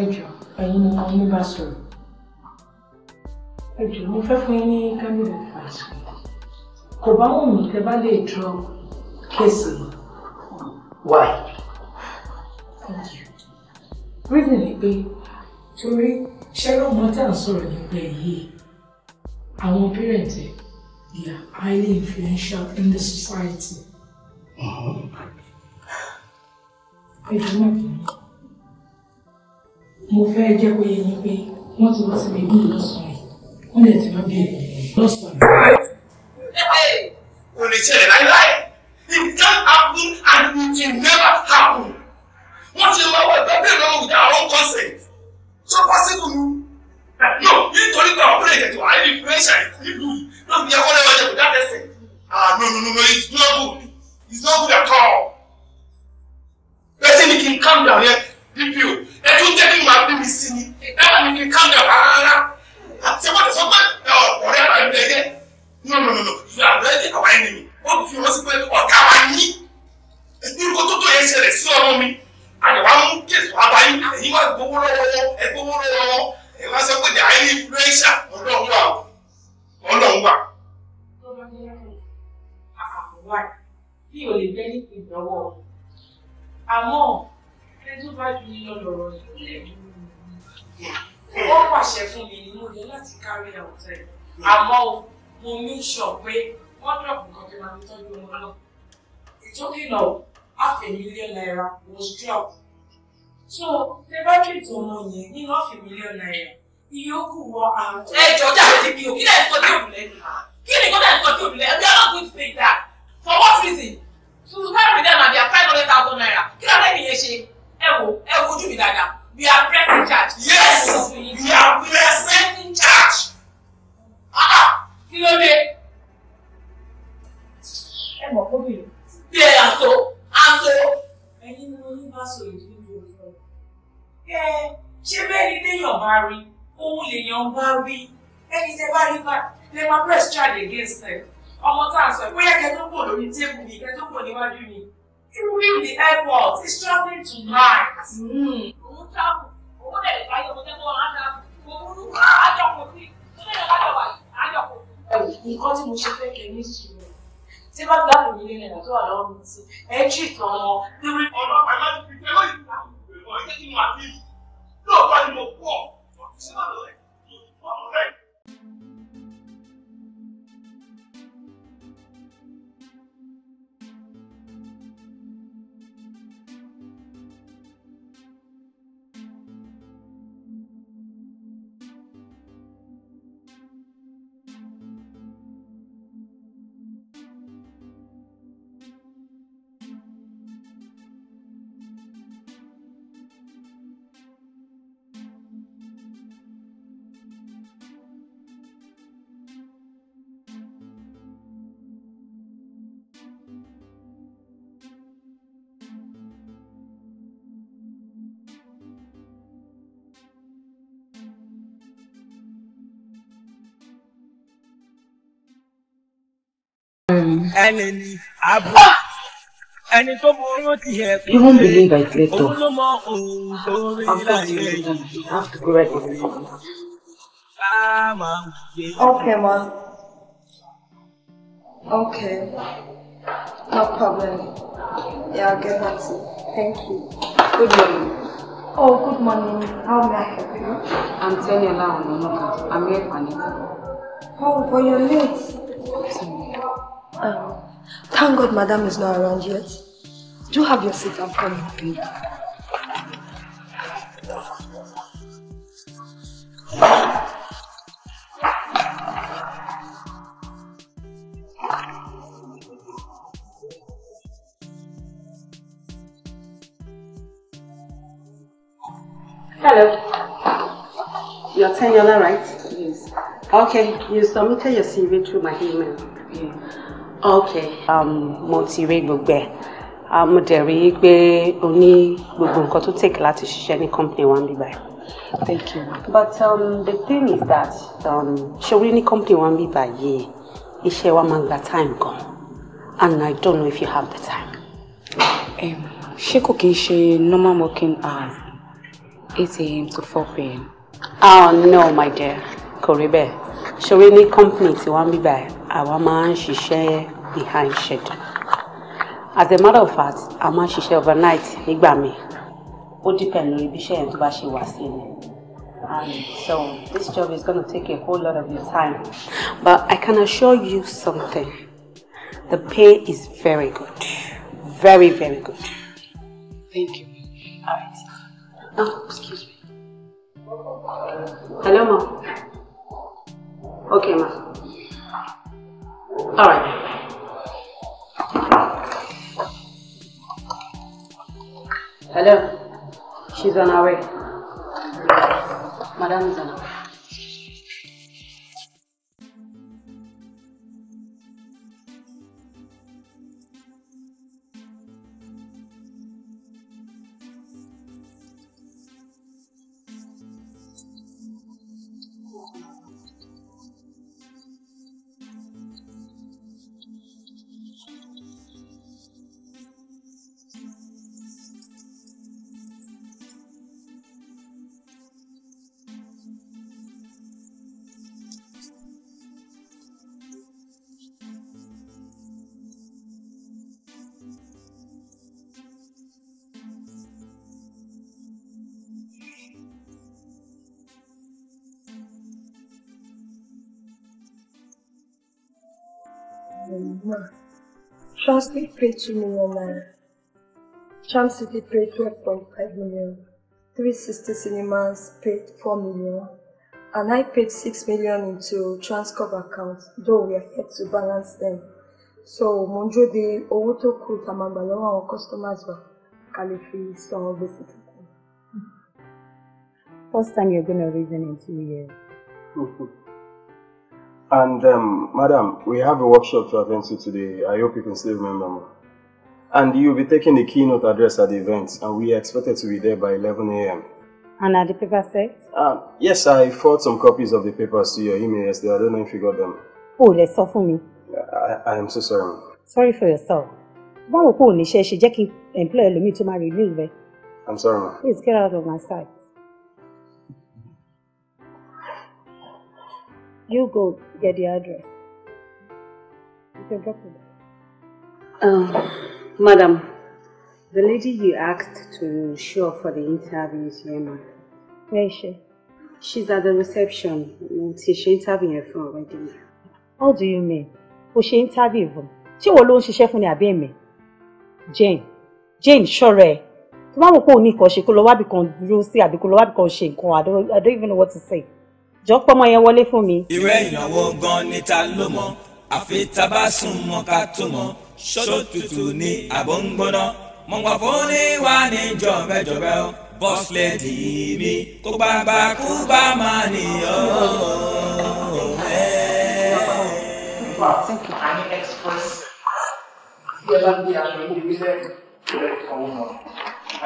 ẹ jọ ẹ̀yin ni mo ní bá sọ̀rọ̀ ẹ jọ mo fẹ́ fún yín ní candid advice kò bá wù mí tẹ́ bá lè drop kéèsì why thank you reason ni pé torí ṣẹ́rọ̀ ọmọ tá à ń sọ̀rọ̀ nípa èyí àwọn parents they are highly influential in the society. Mm-hmm mo fẹ́ jẹ́ pé yín pé wọ́n ti wá síbi ìlú lọ́sàn-án wọ́n lè ti wọ́n ẹ̀ lọ́sàn-án. kò lè ṣẹlẹ̀ láíláí it can happen and it will never happen wọ́n ti wá wọ ẹgbẹ́ bẹ́ẹ̀ lọ́wọ́ without our own consent so possible nu no nítorí pé àwọn ọkùnrin ìdẹ̀tọ̀ àìní fúnẹ́ṣà ìlú ló fi ẹwọ́ lẹ́wọ́ jẹ́ kó dá tẹ̀sẹ̀ ah no no no no it's not good it's not good at all. Person, you can calm down here, DPO ẹjú jẹ́ kí màá bí mi sí ni ẹ bá mi fi káńdà rárá àti ẹgbẹ́ tẹ̀sán pé ọ̀rẹ́ ara mi lẹ́yẹ no no no no you are ready our enemy wọ́n fi wọ́n sí pé ọ̀gá wa yín ìgbìrúkọ tó tó yẹn ṣẹlẹ̀ sí ọmọ mi àdàwà mú kéésù abayí èyí wá gbowó lọ́wọ́ ẹ gbowó lọ́wọ́ ẹ má sọ pé the high influencer ọlọ́run wà ọlọ́run wà. bí o lè bẹ́ ní ìdánwò àmọ́ tó bá ju iná lọ̀rọ̀ ìpínlẹ̀ yìí wọ́n pàṣẹ fún mi ni mo yẹ láti carry out ẹ̀ àmọ́ mo make sure pé wọ́n dọ̀pọ̀ kan tó máa fi tọ́jú ọmọ náà ìtókìnà half a million naira was dropped so tẹ bá kí ètò ọmọ yẹn nínú half a million naira ìyókù wọ àwọn. ẹ jọ jáde níbi o kí lẹ́yìn tó dé òrùlẹ́ kí ni kó lẹ́yìn tó dé òrùlẹ́ we are not going to take that for what reason to with them and their five hundred thousand naira kí lẹ́yìn yẹn ṣe ẹ wo ẹ wo ojú mi dáadáa we are pressing church. yes we are present charge. Ah, ah, kí ló dé. ẹ mọ̀ kó bìrì. bí ẹ yà so a so. ẹyin ni mo ní bá so ìdí ní ojú ẹ. ẹ ṣé bẹ́ẹ̀ ni téèyàn bá rí òun lèèyàn bá rí ẹni tẹ bá rí bá lè máa press charge against them. ọmọ tá a sọ bóyá kẹtọ́ pọ̀ lórí tébù mi kẹtọ́ pọ̀ níwájú mi. During the airport, he's traveling tonight. Hmm. Òun travel, owó lè lè báyọ̀ ọmọdé bọ́ ọ̀hán travel, òun àjọpọ̀ bí, tó lè lè báyọ̀ wáyé, àjọpọ̀. Ẹ̀wù, nǹkan tí mo ṣe fẹ́ kẹ́ ní ìṣirò tí bá gbàgbọ́ mi nílẹ̀ náà tó wà lọ́wọ́ mi sí ẹ jí ìtàn wọn. lórí ọlọ́pàá láti fi fẹ́ lóyún ìgbà ìgbà ìgbà ìgbà ìgbà lóòótọ́ ni mo pọ̀ ṣé wàá lọ rẹ̀. ẹni ni abo ẹni tó borí ó ti yẹ pé òun ló mọ òun tó rí láyé yìí Okay, ma. Okay. No problem. Yeah, I'll get back to you. Thank you. Good morning. Oh, good morning. How may I help you? I'm Tanya Ononoka. I'm here for Anita. Oh, but you're late. Um, thank God Madam is not around yet. Do have your seat I'm coming. with Hello. You're 10 years, right? Yes. Okay, you submitted your CV through my email okay. um, mo ti rí gbogbo ẹ̀ mo dẹ̀ rí i pé o ní gbogbo nǹkan tó take láti ṣiṣẹ́ ní company wa ń bí báyìí. thank you but um, the thing is that um, ṣorí ní company one ń bí báyìí iṣẹ́ wa máa ń gba time gan and I don't know if you have the time. ṣé kò kí n ṣe normal working hours eight a.m. to four p.m. ah oh, no my dear kò rí bẹ́ẹ̀ ṣorí ní company tiwa ń bí báyìí àwa máa ń ṣiṣẹ́ behind schedule. As a matter of fact, a máa ń ṣiṣẹ́ overnight nígbà mi. Ó depend lórí bí iṣẹ́ yẹn tó bá ṣe wà sí And so this job is going to take a whole lot of your time. But I can assure you something. The pay is very good. Very, very good. Thank you. All right. Oh, excuse me. Hello, ma. Okay, ma. All right. Hello. She's on her way. Madam is on her way. Translate paid 2 million naira. Charm City paid 12.5 million. Three Sister Cinemas paid 4 million. And I paid 6 million into Transcorp account, though we are yet to balance them. So, Monjo de owó tó kù tá a customers wa ká so fi san First time you're gonna reason in two years. And um, madam, we have a workshop to attend to today. I hope you can still remember And you'll be taking the keynote address at the event, and we are expected to be there by 11 a.m. And are the papers set? Um, yes, I forwarded some copies of the papers to your email yesterday. I don't know if you got them. Oh, let's suffer me. I, I am so sorry. Sorry for yourself. báwo kò tó I'm sorry ma'am. Please get out of my sight. You go get the address. You can drop it. Um, madam, the lady you asked to show up for the interview is here, ma'am. Where is she? She's at the reception. She's interviewing for phone wedding. How do you mean? Was she interviewing? She was alone. She's ń ṣiṣẹ́ baby. Jane, Jane, sure ẹ̀. Tó bá mọ̀ pé òun ní nǹkan ṣe kó lọ wábì kan dúró sí I don't even know what to say jọ pọmọ yẹn wọlé fún mi. irú ìyànwó gan ni ta ló mọ àfi tá bá sùn mọ́ ká tó mọ ṣó tutù ní àbọ̀ ń gbóná mọ̀ wá fún ní wá ní jọ̀bẹ́jọ̀bẹ́ o boss lady mi kó bàbá kú bá máa nìyọ́.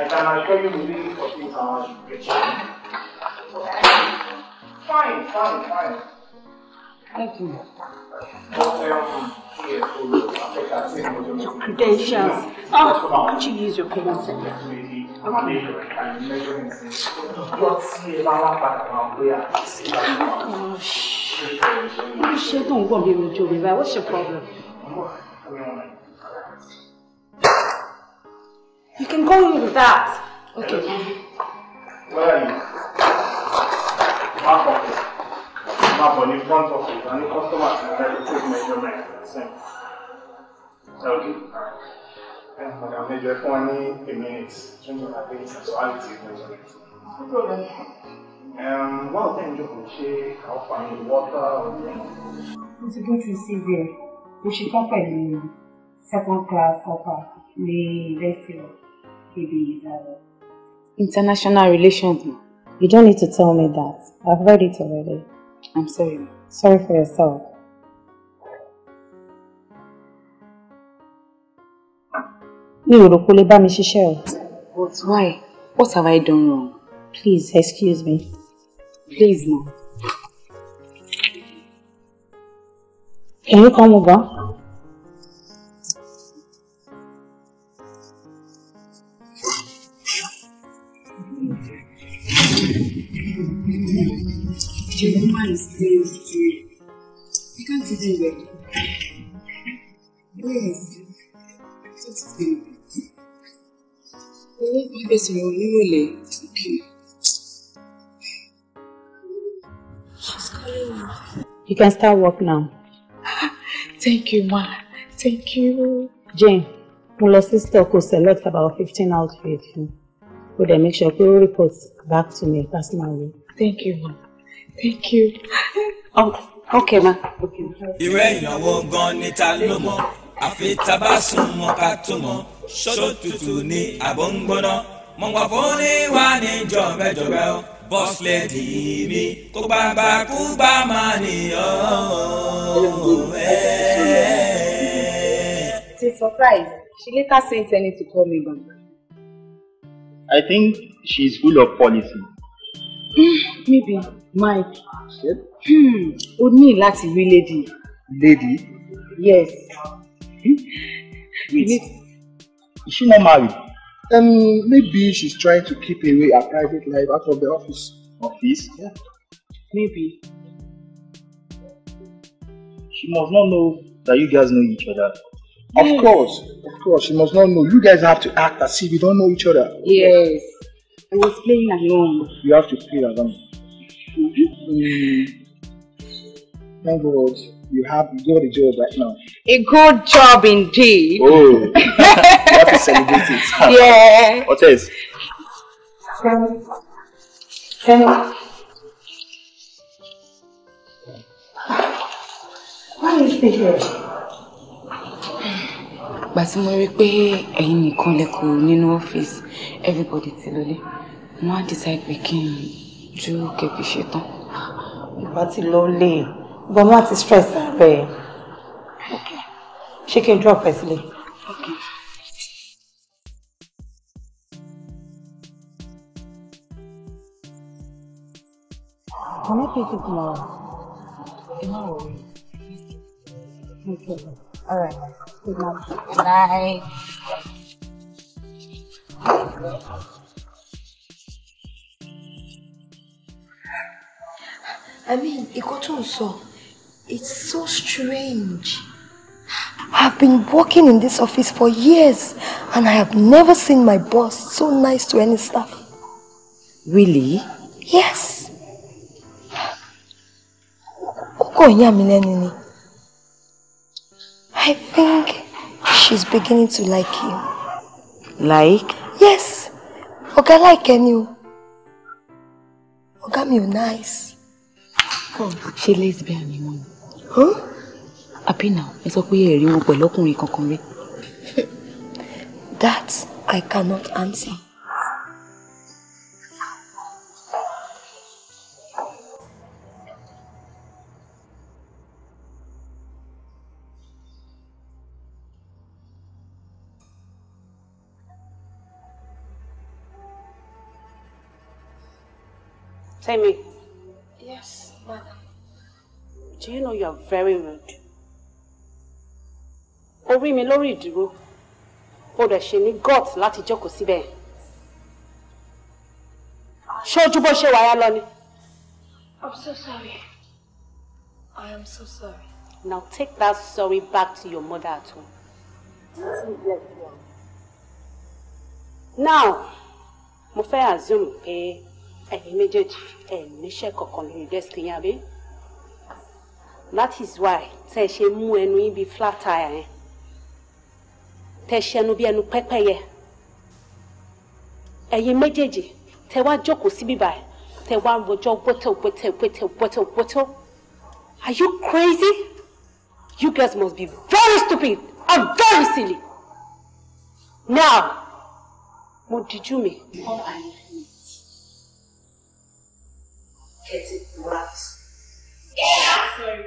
I can assure you the meaning of this Fine, fine, fine. Thank you. Your credentials. Oh, don't you use your common sense? Gosh. You sure don't want me to do it. What's your problem? You can go in with that. Okay. Where are you? back office má bọ̀ ní front office and ní customer ti fẹ́ to take measurement same. Okay. Madam Major, fún wa ní a minutes. twenty five minutes, so I'll take measurement. No problem. Um, one thing you can share, how find water or anything. Mo ti dún ti sí ibi ẹ̀, mo ṣe tán pẹ̀lú second class upper ní Lẹ́sìn KBE International Relations. You don't need to tell me that. I've read it already. I'm sorry. Sorry for yourself. Mi ò rò kó lè bá mi But why? What have I done wrong? Please excuse me. Please, ma. Can you come over? bẹ̀sẹ̀ rẹ̀ onírọ̀lẹ́ òkè. You can start work now. Thank you, ma. Thank you. Jane, mo lọ sí store kó select about fifteen out of fún. Go there, make sure pé ó report back to me personally. Thank you, ma. Thank you. Oh, okay, ma. Ìwé ìyàwó gan ni ta ló mọ̀, àfi tá mọ́ ká tó mọ̀, ṣọ́dọ̀ tútù ni àbọ̀ ń gbóná mọ̀gbọ́n fún ní wà ní jọ̀bẹ́jọ̀bẹ́ o boss mi kó gbàgbà kú gbà máa nìyàn ti surprise she later sent Tenny to call me back. I think she is full of policy. maybe Mike. Yep. Hmm, o ní láti rí lady. Lady? Yes. Hmm? Wait, is she not married? And um, maybe she's trying to keep away her private life out of the office. Office? Yeah. Maybe. She must not know that you guys know each other. Yes. Of course, of course, she must not know. You guys have to act as if you don't know each other. Yes. I was playing alone. You have to play alone. Mm-hmm. Mm. Thank God. you have you got job right now. A good job indeed. Oh, you have to celebrate it. yeah. What is? Um, um, why is he here? Gbà tí mo rí i pé ẹ̀yin nìkan lẹ́kọ̀ọ́ nínú ọ́fíìsì everybody ti lọlé, wọ́n á decide pé kí n dúró kẹ́bí ṣetán. Ìbá ti lọ but má ti stress ààrẹ ẹ̀ ṣé kí n drop ẹ sílẹ̀. Can I take you tomorrow? Tomorrow. Okay. All right. Good night. Good night. I mean, ikú tó ń sọ. It's so strange. I've been working in this office for years and I have never seen my boss so nice to any staff. Really? Yes. I think she's beginning to like you. Like? Yes. Oga like you. Oga mi o nice. She lays ni wọ́n ni? àbí ẹ sọ pé ẹ rí wọn pẹ̀lú ọkùnrin kankan rí. That I cannot answer. Tell me. Do you know you are very rude? O rí mi lórí ìdúró, o dẹ̀ ṣe ní gut láti jókòó síbẹ̀. Ṣé ojú bó ṣe wáyá lọ ni? I'm so sorry. I am so sorry. Now take that sorry back to your mother at home. Now, mo fẹ́ assume pé ẹ̀yin méjèèjì ẹ̀ níṣẹ́ kankan lórí desk yín àbí? that is why tẹ́ ẹ ṣe mú ẹnu yín bíi flat tire yẹn tẹ́ ẹ ṣẹnu bíi ẹnu pẹ́pẹ́yẹ ẹ̀yin méjèèjì tẹ́ wá jókòó síbí báyìí tẹ́ wá rojọ́ wẹ́tẹ́ wẹ́tẹ́ wẹ́tẹ́ wẹ́tẹ́ wẹ́tẹ́ are you crazy you guys must be very stupid and very silly now mo dijú mi. Yeah, sorry.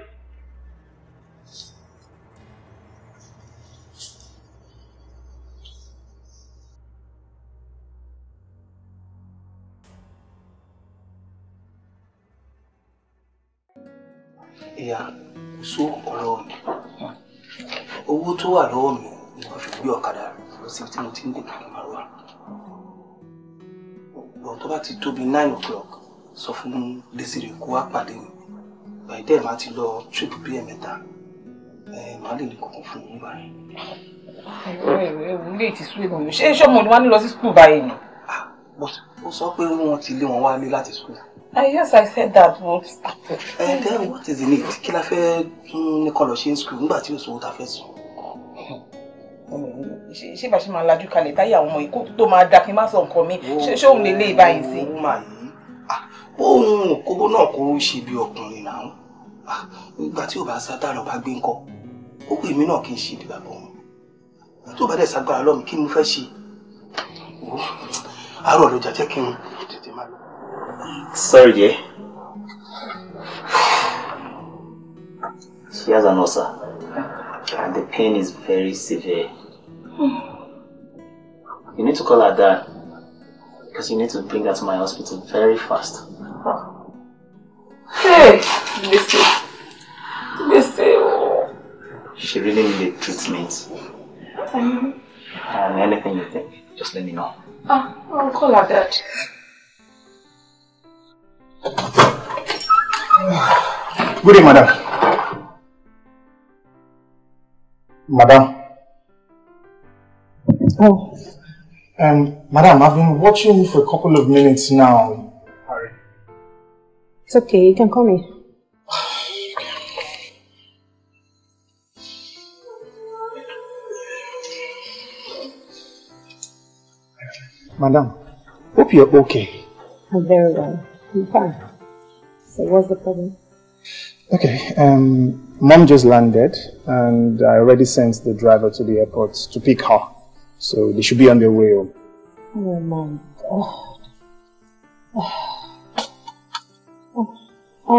wà lọ́wọ́ mi ni wọ́n fi gbé ọ̀kadà lọ síbi tí mo ti ń dènà àmàlùwà ọ̀gbọ̀n tó bá ti tóbi nine o'clock sọ fún Desire kó wá pàdé mi báyìí dẹ́ẹ̀ máa ti lọ trip bí ẹ̀mẹ́ta màá lè ní kọ̀ọ̀kan fún mi báyìí. ẹ̀rọ ẹ̀rọ ti sún ìgbọ̀n mi ṣé ṣọ́mọ ni wọ́n á ní lọ sí skul báyìí ni. Ah, ó sọ pé wọ́n ti lé wọn wálé láti skul. ah yes i said that but. ẹ what is the need kí la fẹ́ ní kọlọ̀ ṣe ń skul nígbà tí ó sọ owó ta fẹ́ sùn ṣé bá ṣe máa lajú kalẹ̀ táyà àwọn ọmọ yìí kó tó máa da kí n má sọ nǹkan mi ṣé òun lè lé ìbáyìí sí. ó mà yìí òun kókó náà kó ṣe bí ọkùnrin náà nígbà tí ò bá sá dáná bá gbé ńkọ ó pè mí náà kí n ṣe bí bàbá òun tó bá dẹ̀ ságbára lọ́mí kí ni mo fẹ́ ṣe àárọ̀ ló jàjẹ́ kí n tètè máa lọ. sorry dear she has an ulcer and the pain is very severe. You need to call her dad. Because you need to bring her to my hospital very fast. Hey, Missy. Missy. She really needed treatment. Um, and anything you think, just let me know. uh, I'll call her dad. Good day, madam. Madam. Oh, um, madam, I've been watching you for a couple of minutes now. Harry. It's okay, you can call me. madam, hope you're okay. I'm very well. I'm fine. So what's the problem? Okay, um, mom just landed and I already sent the driver to the airport to pick her. So they should be on their way home. Oh. oh my god. Oh. oh.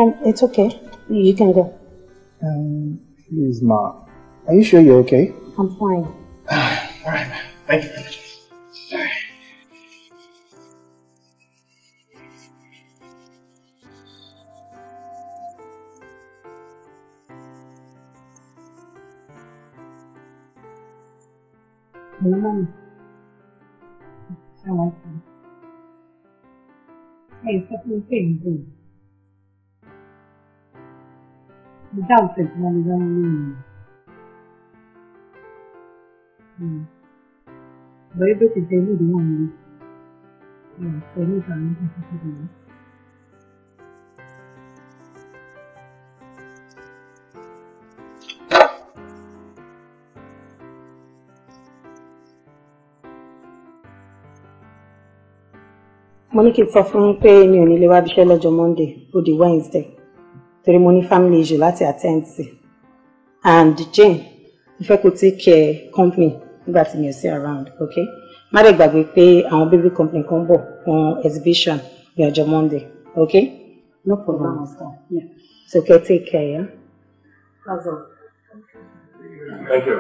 Um, it's okay. You can go. Um, please, Ma. Are you sure you're okay? I'm fine. Alright, thank you 我们，看我，还有这份进度，你交税能容易吗？嗯，违背是走路容易，嗯，走路才能去交税。mo ní kí n sọ fún pé mi ò ní lè wá lọ́jọ́ monday ó wednesday torí mo ní family issue láti attend sí and jane mo fẹ́ kó take company nígbà tí mi ò sí around ok má dẹ̀ gbàgbé pé àwọn baby company kan bọ̀ fún exhibition ní ọjọ́ monday ok no problem at mm-hmm. all yeah. so kẹ́ take care yeah? that's all. Thank you.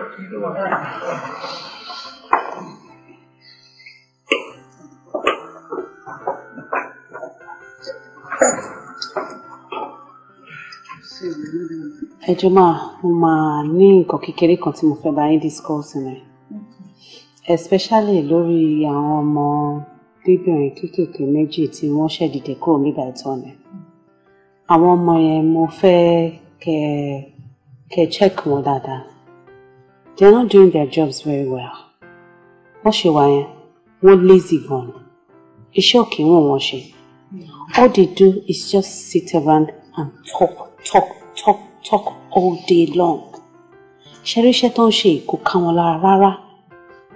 ẹ jọ̀ọ́ máa mo máa ní nǹkan kékeré kan tí mo fẹ́ bá yín discuss ni especially lórí àwọn ọmọ bíbìnrin kéékèèké méjì tí wọ́n ṣẹ̀ dìde kúrò nígbà ìtọ́ ni àwọn ọmọ yẹn mo fẹ́ kẹ kẹ check wọn dáadáa they are not doing their jobs very well wọ́n ṣe wà yẹn wọ́n lazy gan iṣẹ́ òkè wọn wọ́n ṣe all they do is just sit around and hmm, talk talk talk talk all day long ṣeré iṣẹ́ tó ń ṣe kò ká wọn lára rárá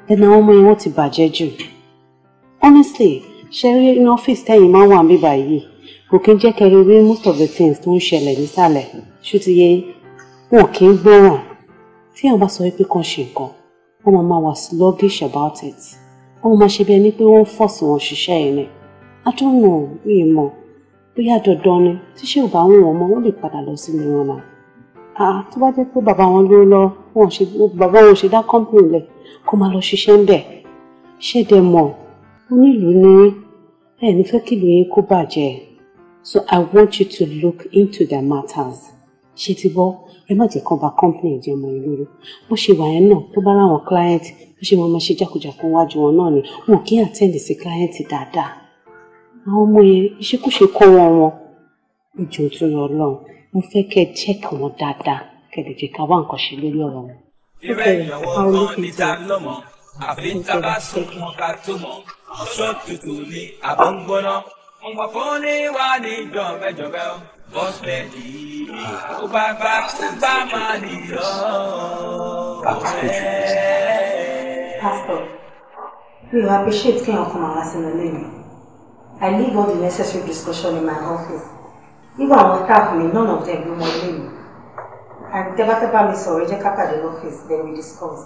then àwọn ọmọ yẹn wọ́n ti you. honestly ṣeré in office tẹ̀yìn máa ń wà níbà yìí kò kí ń jẹ́ kẹrin most of the things to ń ṣẹlẹ̀ nísàlẹ̀ ṣùtìyẹ wọn kì í gbọ́ràn tí àwọn bá sọ pé kàn ṣe nǹkan wọ́n máa sluggish about it wọ́n mama ṣe bí ẹni pé wọ́n ń fọ̀sì wọn ṣiṣẹ́ yẹn I don't know mi ì bóyá dandan ni tíṣe ò bá wọn wọn mọ wọn lè padà lọ sílé wọn náà àá ah, tó bá jẹ́ pé bàbá wọn ló lọ wọn ṣe bàbá wọn ṣe dá kọ́ńpìnì lẹ̀ kó máa lọ ṣiṣẹ́ ń bẹ̀ ṣé dẹ mọ̀ onílùú ni ẹ ní fẹ́ kílùú yín kó bàjẹ́ so i want you to look into their matters ṣe ti gbọ́ ẹ má jẹ́ kán ba kọ́ńpìnì jẹ́ mọ́ ìlú bó ṣe wà yẹn náà tó bá ráwọn client bó ṣe máa ma ṣe jákujàku wájú wọn náà ni wọn kì í attend sí client dáadáa àwọn ọmọ yẹn ìṣekúṣe kọ́ wọn wọn ìjọ tó yọ ọlọ́run mo fẹ́ kẹ́ ẹ check wọn dáadáa kẹ́ ẹ lè jẹ́ ká wá nǹkan ṣe lórí ọ̀rọ̀ wọn. bíbẹ̀ ìyàwó ọmọ níta lọ́mọ àfi ń taba sunkún ká tó mọ̀ ọ̀ṣọ́ tutù ní àbọ̀ngbọ́ná wọn fún ní wà ní jọ̀bẹ́jọ̀bẹ́ bọ́sẹ̀lì ó bá bá ó bá máa nìyọ́ ọ̀rẹ́. Pastor, we appreciate kí ọkọ màá wá lẹ́yìn. I leave all the necessary discussion in my office. Even with staff mi, none of them do my ilé And tẹ́bátẹ́bá Miss sọ̀rọ̀ jẹ́ ká pàdé lọ́fíìsì, then we discuss.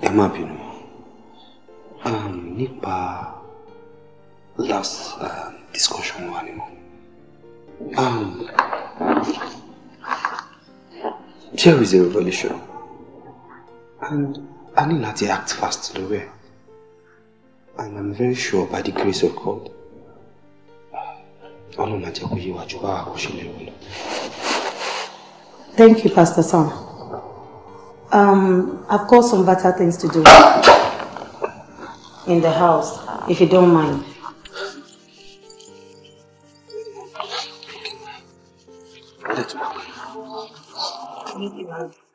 Ẹ má bínú. Um, nípa last um, discussion wa ni Um, there is a revolution and I need to act fast the way and I'm very sure by the grace of God ọlọ́run máa jẹ́ kó yé wa jù bá wa kó ṣe lérò Thank you, Pastor Son. Um, I've got some better things to do in the house, if you don't mind. Thank you,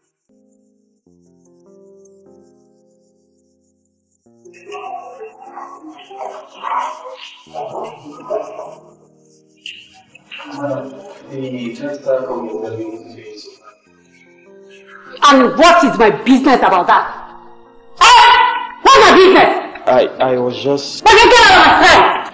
And what is my business about that? Hey! What's my business? I, I was just... But you get out of my sight!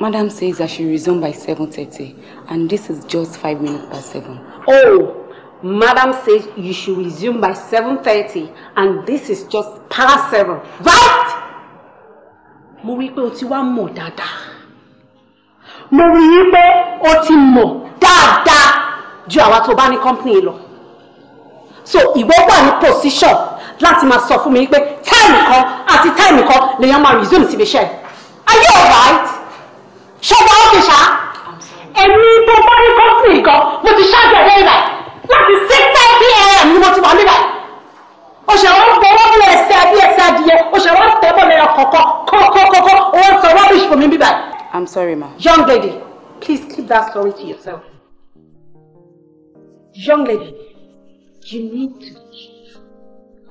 Madam says I should resume by 7.30 and this is just 5 minutes past 7. Oh, Madam says you should resume by 7.30 and this is just past 7. Right? Mo rí pé o ti wá mọ̀ dáadáa. Mo rí pé o ti mọ̀ dáadáa ju àwa to bá ní company lo? So ìwọ wà ní position láti máa sọ fún mi pé táìmì kan àti táìmì kan lèèyàn máa resume síbi iṣẹ́. Are you alright? ẹ̀mí tó bá ní kọ́ńtì nǹkan mo ti ṣáàjì ẹ̀dẹ́ ìgbà láti six thirty a.m. ni mo ti wà níbà o ṣe wọn fọwọ́ bí ẹsẹ̀ bí ẹsẹ̀ adìyẹ o ṣe wọn tẹ́bọ̀ lẹ́yọ kọ̀kọ́ kọ́kọ́kọ́kọ́ o wọn sọ rubbish for me bíbá. I'm sorry ma. Young lady, please keep that story to yourself. Young lady, you need to leave.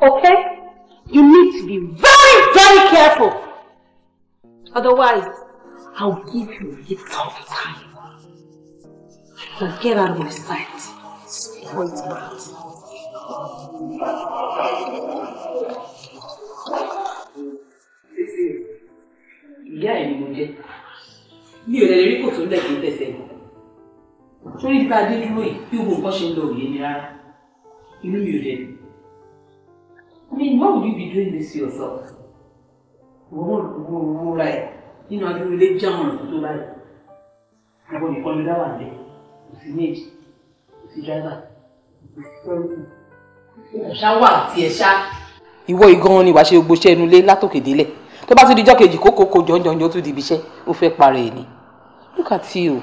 Okay? You need to be very, very careful. Otherwise, I'll give you a tough time. Just get out of my sight. Spoiled brat. Ìyá ẹ̀ ni mo jẹ́. Mi ò lẹ́lẹ́rí kò tó lẹ̀ kí n tẹ̀sẹ̀ mọ́. Sórí bí Adé dúró yìí bí gbogbo nǹkan ṣe ń lọ òye ni rárá. Inú mi ò dẹ̀. I mean, why would you be doing this to yourself? Wo wo wo ra ẹ̀ nínú adúlé jáwọn ọ̀rọ̀ tó báyìí. Àwọn nìkan ló dá wà nílé kò sí maid kò sí driver kò sí sẹ́wọ̀n ẹ̀ṣá wà àti ẹ̀ṣá. ìwọ igan ni wàá ṣe gbogbo iṣẹ́ inú ilé látòkè délẹ̀ tó bá tún di ọjọ́ kejì kókó kó jọ̀ǹjọ̀ǹjọ̀ ó tún di ibi iṣẹ́ ó fẹ́ parẹ́ ẹ̀ ni look at you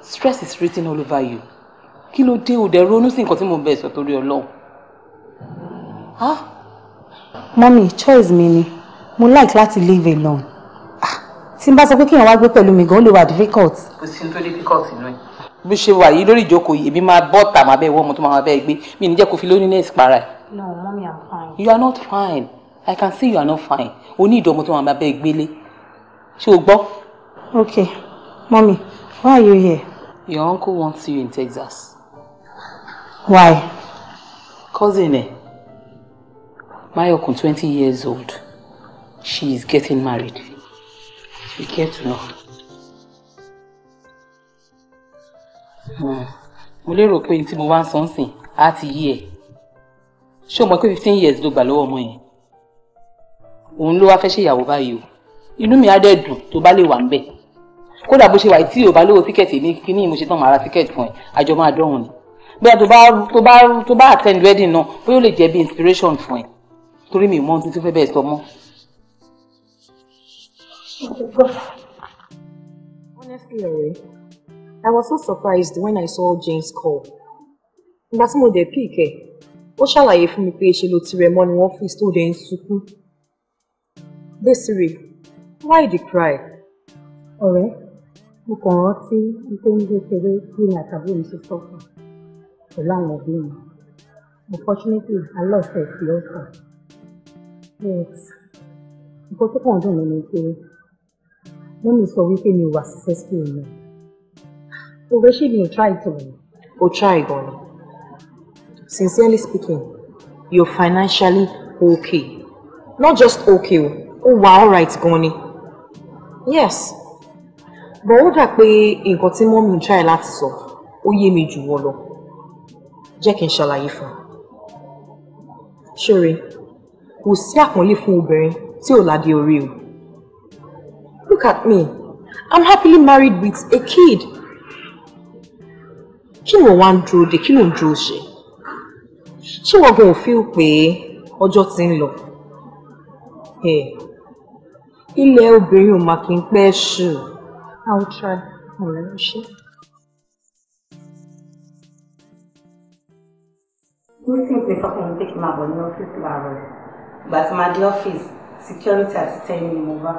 stress is written all over you kí ló dé òde ronú sí nǹkan tí mo bẹ̀ sọ torí ọlọ́run. ah mami choice mi ni mo like láti live alone ah tí n bá sọ pé kí n wá gbé pẹ̀lú mi gan ó lè wà difficult. kò sí ní tó difficult nínú ẹ̀ bí ṣe wà yìí lórí ìjókòó yìí èmi máa bọ́ tà máa bẹ́ẹ̀ wọ́n mo tó máa bẹ́ẹ̀ gbé mi ní jẹ́ kó fi loneliness para ẹ̀. no mommy i'm fine. you are not fine i can see you are not fine o ní ìdánwò tó máa bẹ́ẹ̀ gbélé ṣé o gbọ́. okay mommy why are you here. your uncle wants you in texas. why. cousin my uncle, twenty years old she is getting married you get to know. mo lérò pé tí mo bá ń sọ́n sìn á ti yí ẹ̀ ṣé o mọ̀ pé fifteen years ló gbà lọ́wọ́ ọmọ yẹn òun ló wá fẹ́ ṣèyàwó báyìí o inú mi á dẹ̀ dùn tó bá lè wà ń bẹ̀ kódà bó ṣe wà tí o bá lówó tíkẹ́ẹ̀tì mi kí ni mo ṣe tán màá ra tíkẹ́ẹ̀tì fún ẹ àjọ máa dọ̀hùn ni bóyá tó bá tó bá tó bá attend wedding náà bóyá ó lè jẹ́ bí inspiration fún ẹ torí mi ò mọ ohun tuntun fẹ́ bẹ́ẹ̀ sọ mọ́. honestly ọ̀rẹ́ I was so surprised when I saw James call. Ìgbà tí mo dẹ̀ pí ìkẹ́, ó ṣàlàyé fún mi pé ṣe ló ti rẹ̀ mọ́ ní ọ́fíìsì tó dẹ̀ ń sunkún. Desiree, why the cry? Ọ̀rẹ́, mo kàn rántí wípé ń gbé kéré bí mi àtàbí mi ṣe sọ́kàn pẹ̀lú àwọn òbí mi. Unfortunately, I lost her sí ọ̀sán. But nǹkan tó kàn dùn mí ni pé wọ́n mi sọ wípé mi wà successful ni o fẹ́ ṣe mi ò try tó ni. o try gan sincerely speaking you're financially okay not just okay oh wow, right, alright yes but what dà pé nǹkan tí mọ́mí ń try láti sọ ó yé mi jù wọ́n lọ jẹ́ kí I ṣàlàyé fún un ṣóre kò sí àpọ́nlé fún obìnrin tí look at me i'm happily married with a kid kí ló wá ń dúró de kí ló ń dúró ṣe ṣé wọ́n gan ò fíl pé ọjọ́ ti ń lọ ilẹ̀ obìnrin ò mà kí n pẹ́ ṣù. I will try. ọ̀rẹ́ ló ṣe. nísìnyí pé fọkàn ní kí n máa bọ̀ ní ọ́fíìsì láàárọ̀ ìgbà tí máa dé ọ́fíìsì security àti tẹ́yìn ni mo bá.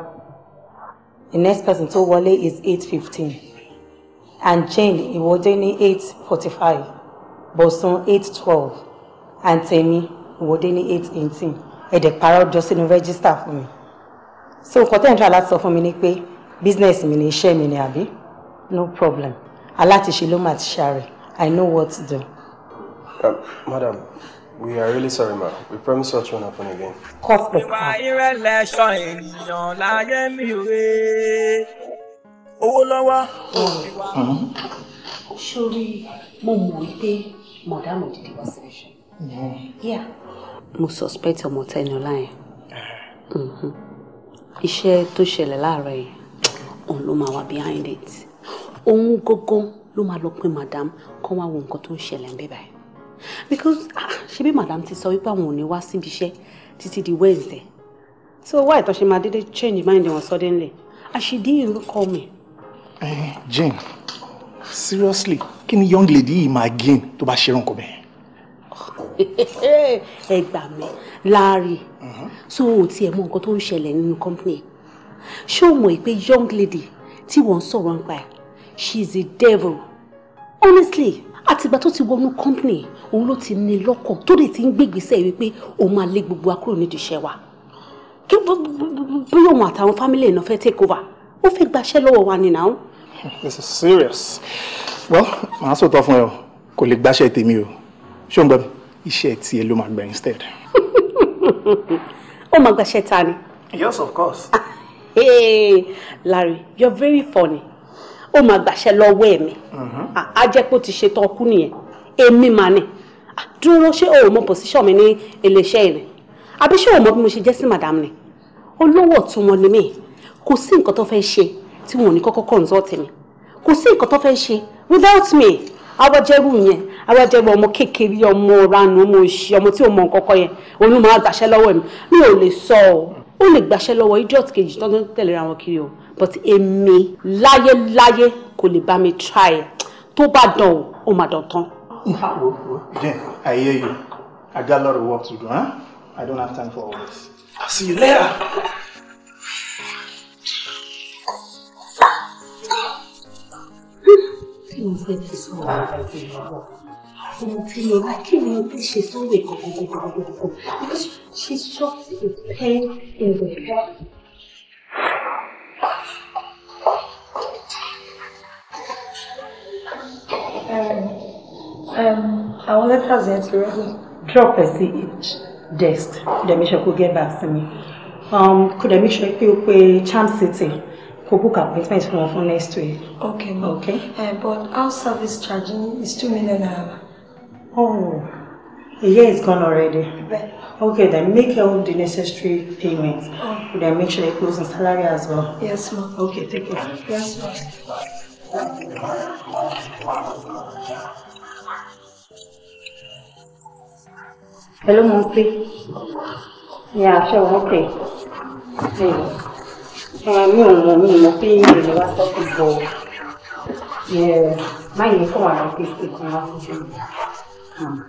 the next person tó wọlé is eight fifteen and jane ìwọ́dé ní eight forty five bọ̀sùn eight twelve and tèmi ìwọ́dé ní eight eighteen ẹ̀dẹ̀ parọ́ jọ sínú rẹ́gísítà fún mi so nǹkan tẹ́ ń tra láti sọ fún mi ni pé business mi ni iṣẹ́ mi ni àbí no problem alátiṣe ló máa ti ṣàrẹ i know what to do. Um, madam we are really sorry ma we promise not to run happen again. cough the cough. ìwà ìrẹ̀lẹ̀ sọ ènìyàn láyé mi wé owó lọ́wọ́. sori mo mọ̀ wípé mọ̀dámù dìde wá sí ẹ̀ṣẹ̀. mo suspect ọmọ Tẹniọlá yẹn eh. mm-hmm. iṣẹ́ tó ṣẹlẹ̀ láàárọ̀ yẹn òun ló máa wà behind it òun gógó ló máa lọ pé madam kó wá wo nǹkan tó ń ṣẹlẹ̀ ń bíbáyìí because ah, ṣebí madam ti sọ wípé àwọn ò ní wá síbi iṣẹ́ títí di Wednesday so why ìtọ́ṣe máa dédé change mind wọn suddenly As she didn't even call me Jane, seriously, kí ni young lady yìí máa gain tó bá ṣe irun kò bẹ́ẹ̀? Ẹ gbà mí, láàárín. So o tiẹ̀ mọ nǹkan tó ń ṣẹlẹ̀ nínú company. Ṣé o mọ̀ pé young lady tí wọ́n ń sọ̀rọ̀ nípa ẹ̀? She is a devil. Honestly, àtìgbà tó ti wọnú company, òun ló ti ní lọ́kàn tó dẹ̀ ti ń gbègbèsẹ̀ wípé òun máa lé gbogbo wa kúrò nídìí iṣẹ́ wa. Kí bóyá òun àtàwọn family ẹ̀ náà fẹ́ take over ó fẹ́ gbaṣẹ́ lọ́wọ́ wa ni náà. this is serious. well màá sòtọ́ fún ẹ o kò lè gbaṣẹ́ tèmi o ṣé o ń gbọ́ mi iṣẹ́ tiẹ̀ ló máa gbà instead. ó máa gbaṣẹ́ ta ni. yes of course. Ah, hey, Larry you're very funny ó máa gbàṣẹ lọ́wọ́ ẹ̀mí á mm-hmm. ah, jẹ́ pé ó ti ṣe tọ́kú nìyẹn èmi mà ní ah, dúró ṣé o ò mọ pòsíṣọ̀ mi ní iléeṣẹ́ ìrìn àbí ṣé o ò mọ bí mo ṣe jẹ́ sí madam ni olówó tún wọn ni mí kò sí nǹkan tó fẹ́ ṣe tí wọn ò ní kọ́kọ́ consult mi kò sí nǹkan tó fẹ́ ṣe without me awọ́jẹ́rú yẹn awọ́jẹ́rú ọmọ kékeré ọmọ ranu ọmọ òṣì ọmọ tí ò mọ nǹkan kan yẹn òun ló máa gbàṣẹ́ lọ́wọ́ mi mi ò lè sọ ọ́ ó lè gbàṣẹ́ lọ́wọ́ idiot kejì tó ń tẹ̀lé ra wọn kiri o but èmi láyéláyé kò lè bá mi try ẹ̀ tó bá dán o ó máa dán tán. Jen, I I got lot of work to do, huh? I don't have time for all this. see you later. mo fẹ́ fi sọ̀rọ̀ àwọn ọ̀gá ìjọba mo feel like kí ni bí ṣe sọ́wọ́ because she sucked the pain in the head. àwọn letters yẹn ti rẹ́dí. drop a sí each desk kó dẹ̀ make sure kó get back sí mi kó dẹ̀ make sure pé ó pé charm city. kò book appointment fún wọn fún next week. okay ma okay. Uh, but our service charging is two million naira. oh the year is gone already. But, okay then make all the necessary payments. Oh. then make sure they close on salary as well. yes ma. okay take care. yes ma. Hello, Mumpi. Yeah, sure, okay. Please. mi ò mọ̀ mi ò mọ̀ pé mi ò lè wá sọ́kù bọ̀ máa yẹ kó wà lọ pé kí n wá fún mi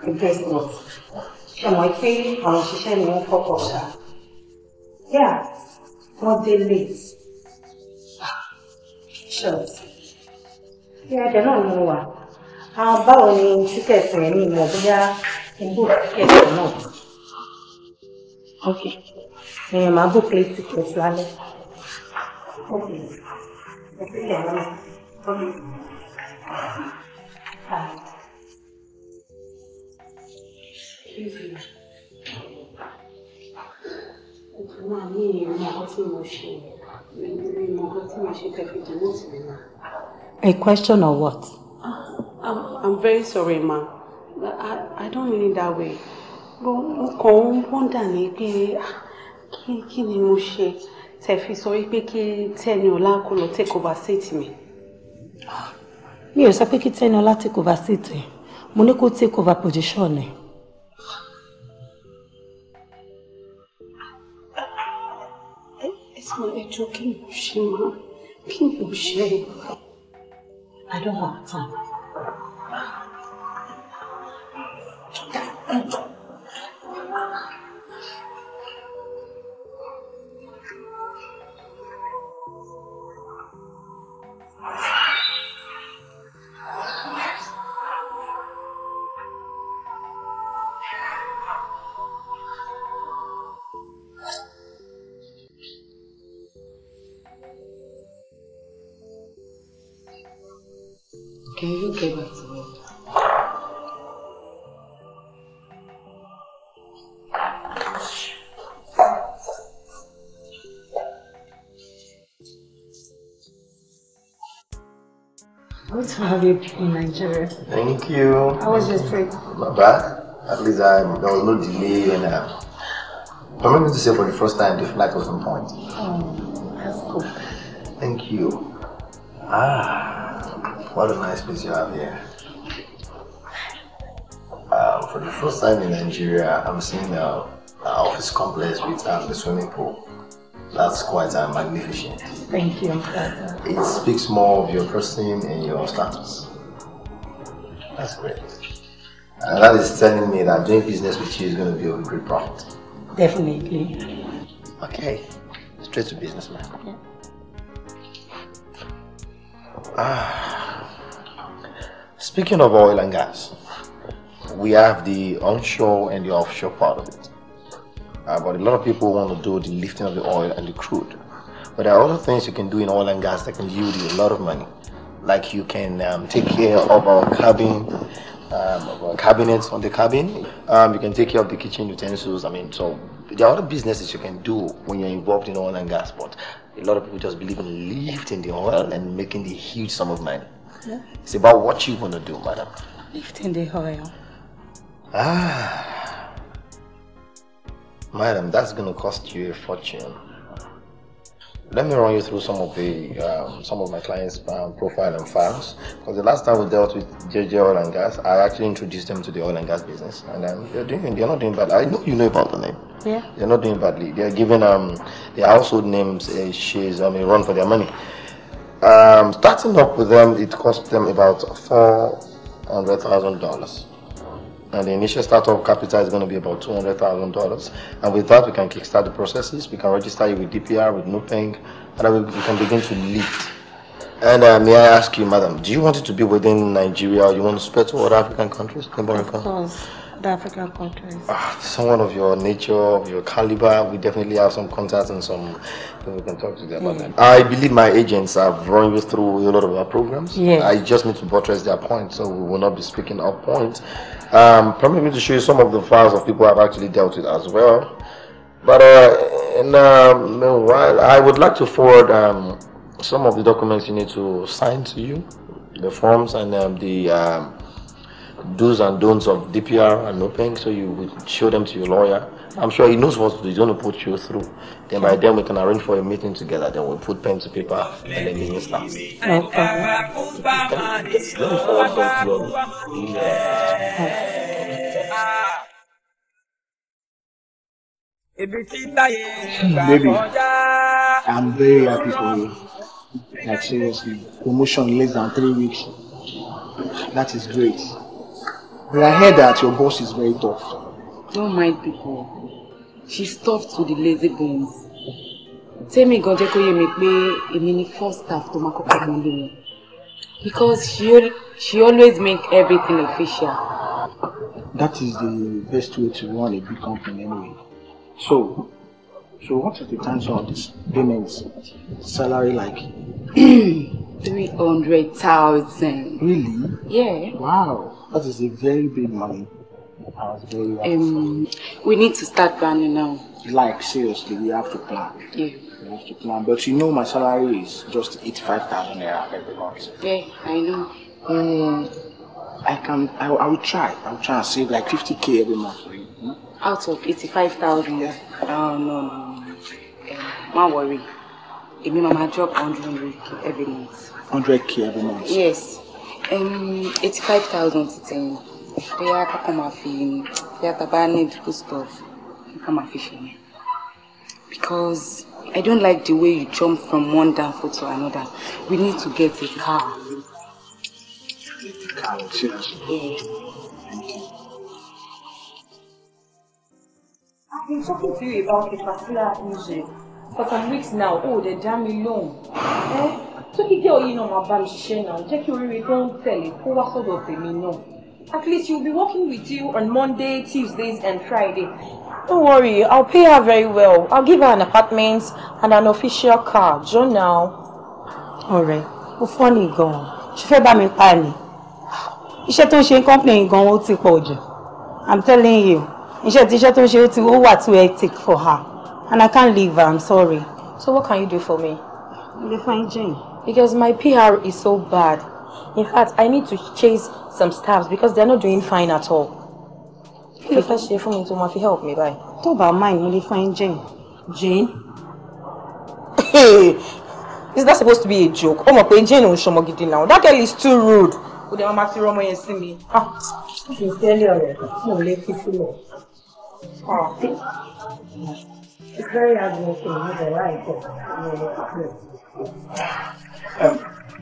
the best not ṣe mọ̀ pé àwọn òṣìṣẹ́ mi ń kọ́kọ́ ṣá yà wọ́n dé late short ìrìnàjò náà ni mo wà báwo ni tíkẹ̀tì rẹ̀ ní ìmọ̀ bóyá ìbò tíkẹ̀tì náà ok màá bò pé tíkẹ̀tì lálẹ́. Okay. Okay, yeah. Okay. Right. Excuse me. Ìtumọ̀ ní ìmọ̀ nǹkan tí mo ṣe ìmọ̀ A question or what? Ah, I'm, I'm very sorry, ma. I, I don't mean it that way. Mo kàn ń wọ́ndà ní pé ah, kí ni tẹ fi sọ wípé kí Tẹniọlá kó lọ take over seat mi. mi ò sọ pé kí Tẹniọlá take over seat ẹ mo ní kó take over position ẹ. ẹsùn ẹjọ́ kí n kò ṣe mọ kí n kò ṣe I don't to have you in Nigeria. Thank you. How was your trip? Not bad. At least I, there was no delay and uh, permit me to say for the first time the flight was on point. Oh, that's cool. Thank you. Ah, what a nice place you have here. Um, for the first time in Nigeria, I'm seeing uh, an office complex with a um, the swimming pool. That's quite uh, magnificent. Thank you it speaks more of your person and your status. That's great. And that is telling me that doing business with you is going to be a great profit. Definitely. Okay, straight to business, man. Yeah. Ah, speaking of oil and gas, we have the onshore and the offshore part of it. Uh, but a lot of people want to do the lifting of the oil and the crude. But there are other things you can do in oil and gas that can yield you a lot of money. Like you can um, take care of our cabin, um, of our cabinets on the cabin. Um, you can take care of the kitchen utensils. I mean, so there are other businesses you can do when you're involved in oil and gas. But a lot of people just believe in lifting the oil and making the huge sum of money. Yeah. It's about what you want to do, madam. Lifting the oil. Ah. Madam, that's going to cost you a fortune let me run you through some of the um, some of my clients' um, profile and files. Because the last time we dealt with JJ Oil and Gas, I actually introduced them to the oil and gas business, and um, they're doing they're not doing bad. I know you know about the name. Yeah. They're not doing badly. They're giving um their household names a uh, shares on a run for their money. Um, starting up with them, it cost them about four hundred thousand dollars and the initial startup capital is going to be about $200,000. And with that, we can kickstart the processes. We can register you with DPR, with NUPENG, and we can begin to lead. And uh, may I ask you, madam, do you want it to be within Nigeria or you want to spread to other African countries? Of course. African countries? Ah, someone of your nature, of your caliber, we definitely have some contacts and some we can talk to them about that. I believe my agents have run you through a lot of our programs. Yes. I just need to buttress their point, so we will not be speaking our point. Um, permit me to show you some of the files of people I've actually dealt with as well. But uh, in, um, meanwhile, I would like to forward um, some of the documents you need to sign to you, the forms and um, the um, do's and don'ts of DPR and OPENG, so you would show them to your lawyer. I'm sure he knows what he's going to put you through. Then by then we can arrange for a meeting together. Then we'll put pen to paper and then meeting starts. Baby, I'm very happy for you. Like seriously, promotion less than three weeks. That is great. But I heard that your boss is very tough. Don't mind people. She's tough to the lazy bones. Tell me, jẹ́ kó yé mi pé èmi ni first staff to máa kọ́kọ́ Because she, she always make everything official. That is the best way to run a big company anyway. So, so what is the terms of this payment? Salary like? 300,000. Really? Yeah. Wow. That is a very big money. very Um, we need to start planning now. Like, seriously, we have to plan. Yeah. We have to plan. But you know, my salary is just 85,000 naira every month. Yeah, I know. Mm, I can, I, I will try. I will try and save like 50k every month for you. Hmm? Out of 85,000? Yeah. Oh, no, no, no. Uh, um, don't worry. I mean, my job 100k every month. 100k every month? Yes eighty five thousand ti tẹ̀yìn bóyá kọ́kọ́ máa fi bóyá tàbá need good stuff kọ́kọ́ máa fi ṣe yẹn because I don't like the way you jump from one downfall to another we need to get a car. Car, seriously. Yeah. Thank I've been talking to you about a particular engine for some weeks now. Oh, they damn me long. Eh? tó kí jẹ́ òyìn náà máa bá mi ṣiṣẹ́ náà jẹ́ kí oríire tó ń tẹ̀lé kó wá sọ́dọ̀ tèmi náà at least she'll be working with you on Monday, Tuesdays, and Friday. Don't worry, I'll pay her very well. I'll give her an apartment and an official car. John now. Ọ̀rẹ́, ó funny gan-an. Ṣé fẹ́ bá mi pa ni? Iṣẹ́ tó ń ṣe company gan-an ó ti pọ̀ jù. I'm telling you, iṣẹ́ tí iṣẹ́ tó ń ṣe ó ti ó wà too hectic for her and I can't leave her, I'm sorry. So what can you do for me? Mo lè find Jane because my PR is so bad. In fact, I need to chase some staffs because they're not doing fine at all. Please, ló fẹ́ ṣe fún mi help me báyìí? Talk about mine, only find Jane. Jane? Hey, is that supposed to be a joke? Ó mọ̀ pé Jane òun ṣọmọ gidi now. That girl is too rude. Ó dẹ̀ want to see yẹn sí mi. Ṣé ìfẹ́ lé ọ̀rẹ́ kan? Mo lè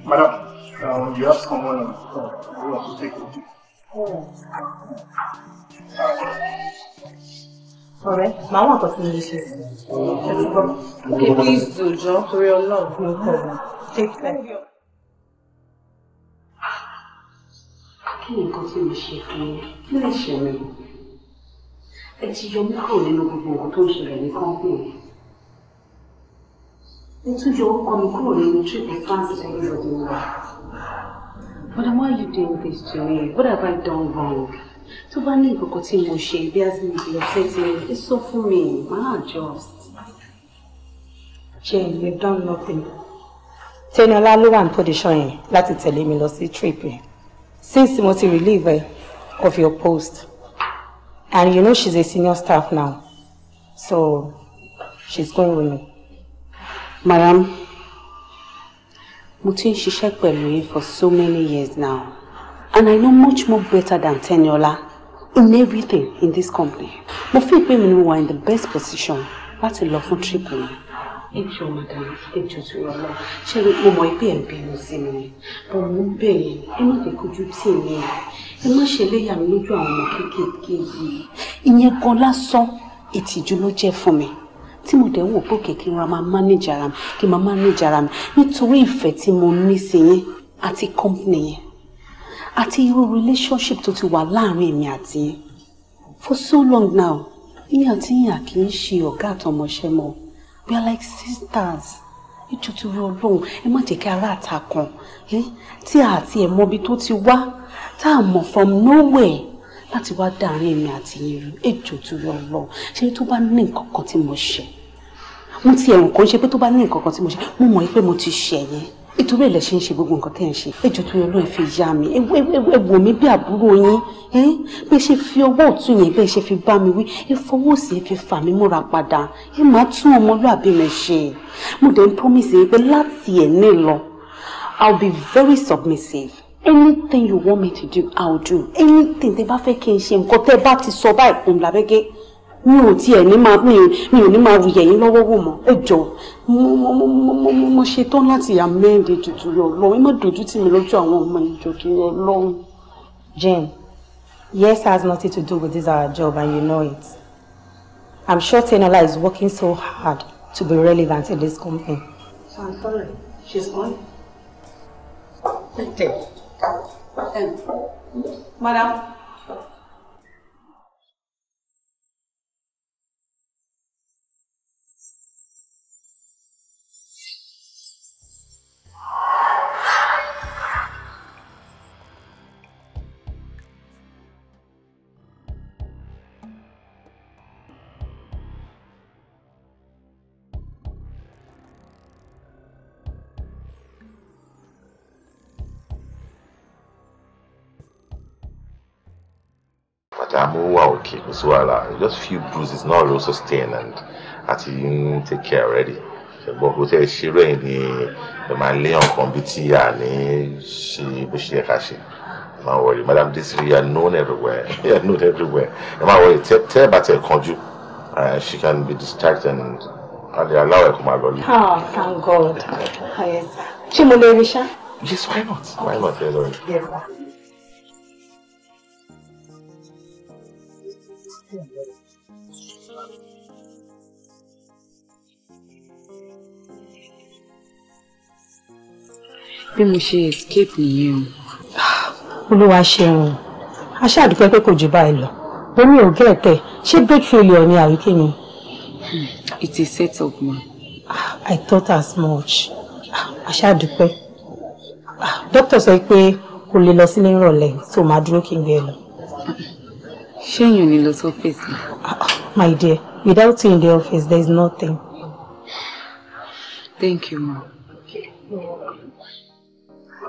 madam, um, you have someone on the phone who wants to take with you. Ọ̀rẹ́, màá wà Okay, please do, John, torí Ọlọ́run ló kọ̀ mí. Take care. Kí ni nǹkan tí mo ṣe fún ẹ why are you doing this to me? What have I done wrong? To bá ní ìkọ̀kọ̀ tí mo ṣe bí a ti lè ọ̀sẹ̀ tí ẹ sọ fún mi máa adjust. Jane, you've done nothing. Tẹniọlá ló wà ní pòdíṣàn yẹn láti tẹ̀lé mi lọ sí trip yẹn since mo ti relieve of your post. And you know she's a senior staff now. So she's going with me. Madam, mo ti ń ṣiṣẹ́ pẹ̀lú for so many years now. And I know much more better than Teniola in everything in this company. Mo feel pé mi in the best position that's a fún trip ẹ jọ madam ẹ jọ tó yọ lọ ṣé mo mọ ẹgbẹ́ ẹ̀ ń bínú sí mi bọ́ mo ń bẹ̀yìn ẹ má fẹ́ kojú tì mí ẹ má ṣe léyà mi lójú àwọn ọmọ kéékèèké yìí ìyẹn gan lásán ìtìjú ló jẹ́ fún mi tí mo dẹ̀ wò pé òkè kí n ra máa manage ara mi kí n máa manage ara mi nítorí ìfẹ́ tí mo ní sí yín àti company yẹn àti irú relationship tó ti wà láàrin èmi àti yín for so long now yín àti yín à kì í ṣe ọ̀gá àtọmọṣẹ́ mọ́ o we are like sisters nítorí ọlọ́run ẹ má jẹ́ kí ara àta kan tí a àti ẹ̀ mọbi tó ti wá tá a mọ̀ from nowhere láti wá dàárín èmi àti yín rú èjò torí ọlọ́run ṣé tó bá ní nǹkan kan tí mo ṣe mo ti ẹ̀rùn kan ṣe pé tó bá ní nǹkan kan tí mo ṣe mo mọ̀ pé mo ti ṣẹ̀yìn ìtorí ẹ̀ lẹ ṣe ń ṣe gbogbo nǹkan tẹ́ ẹ̀ ń ṣe ẹ jọ tó yọ lóun fi yá mi ẹ wò mí bí àbúrò yín bẹ́ẹ̀ ṣe fi ọwọ́ ọ̀tún yẹn bẹ́ẹ̀ ṣe fi bá mi wí ẹ fọwọ́ òsì ẹ fi fà mí múra padà ẹ máa tún ọmọlúàbí mi ṣe mo dẹ̀ ń promise yín pé láti ẹ̀ ní lọ will be very submissive anything you want me to do I'll do anything tẹ́ bá fẹ́ kí n ṣe nǹkan tẹ́ bá ti sọ báyìí òun làbẹ́gẹ́ mi ò tiẹ̀ ní máa mi ò ní máa wuyẹ̀ yín lọ́wọ́ wò mọ́ ẹ jọ mo mo mo mo mo ṣetán láti amẹ́ǹde tuntun yọ lọ́wọ́ ẹ má dojú tì mí lójú àwọn ọmọ ìjọ tó yọ lọ́wọ́. Jane, yes has nothing to do with this our job and you know it. I'm sure Tenola is working so hard to be relevant in this company. So I'm sorry, she's gone. Thank you. Um, madam. but I'm um, okay. So well, uh, just few bruises, not real sustained, and I didn't take care already. ṣùgbọ́n kò tẹ́ ṣe rẹ̀ ni ẹ máa lé ọkàn bíi tí a ní ṣe bó ṣe yẹ ká ṣe ẹ wọlé madam Desiree you are known everywhere you are known everywhere ẹ máa wọlé tẹ́ ẹ bá tẹ̀ kanjú uh, she can be distracted and alẹ́ aláwọ̀ ẹ̀kọ́ máa lọlé. ah thank God ah, ṣé mo lè rí ṣá. yes why not why not. Yes, bí mo ṣe escape nìyẹn o. olúwa ṣeun a ṣáà dúpẹ́ pé kò jù báyìí lọ bómi ò gẹ̀ẹ́tẹ̀ ṣé break failure àríkè ni. Hmm, it is set up ma. Ah, i thought as much ah, a ṣáà dúpẹ́ ah, sọ pé kò lè lọ sílé ìrọ̀lẹ́ tó máa dúró kí n gbé e lọ. ṣé èèyàn ní lọ sí ọ́fíìsì. my dear without you in the office there is nothing. thank you ma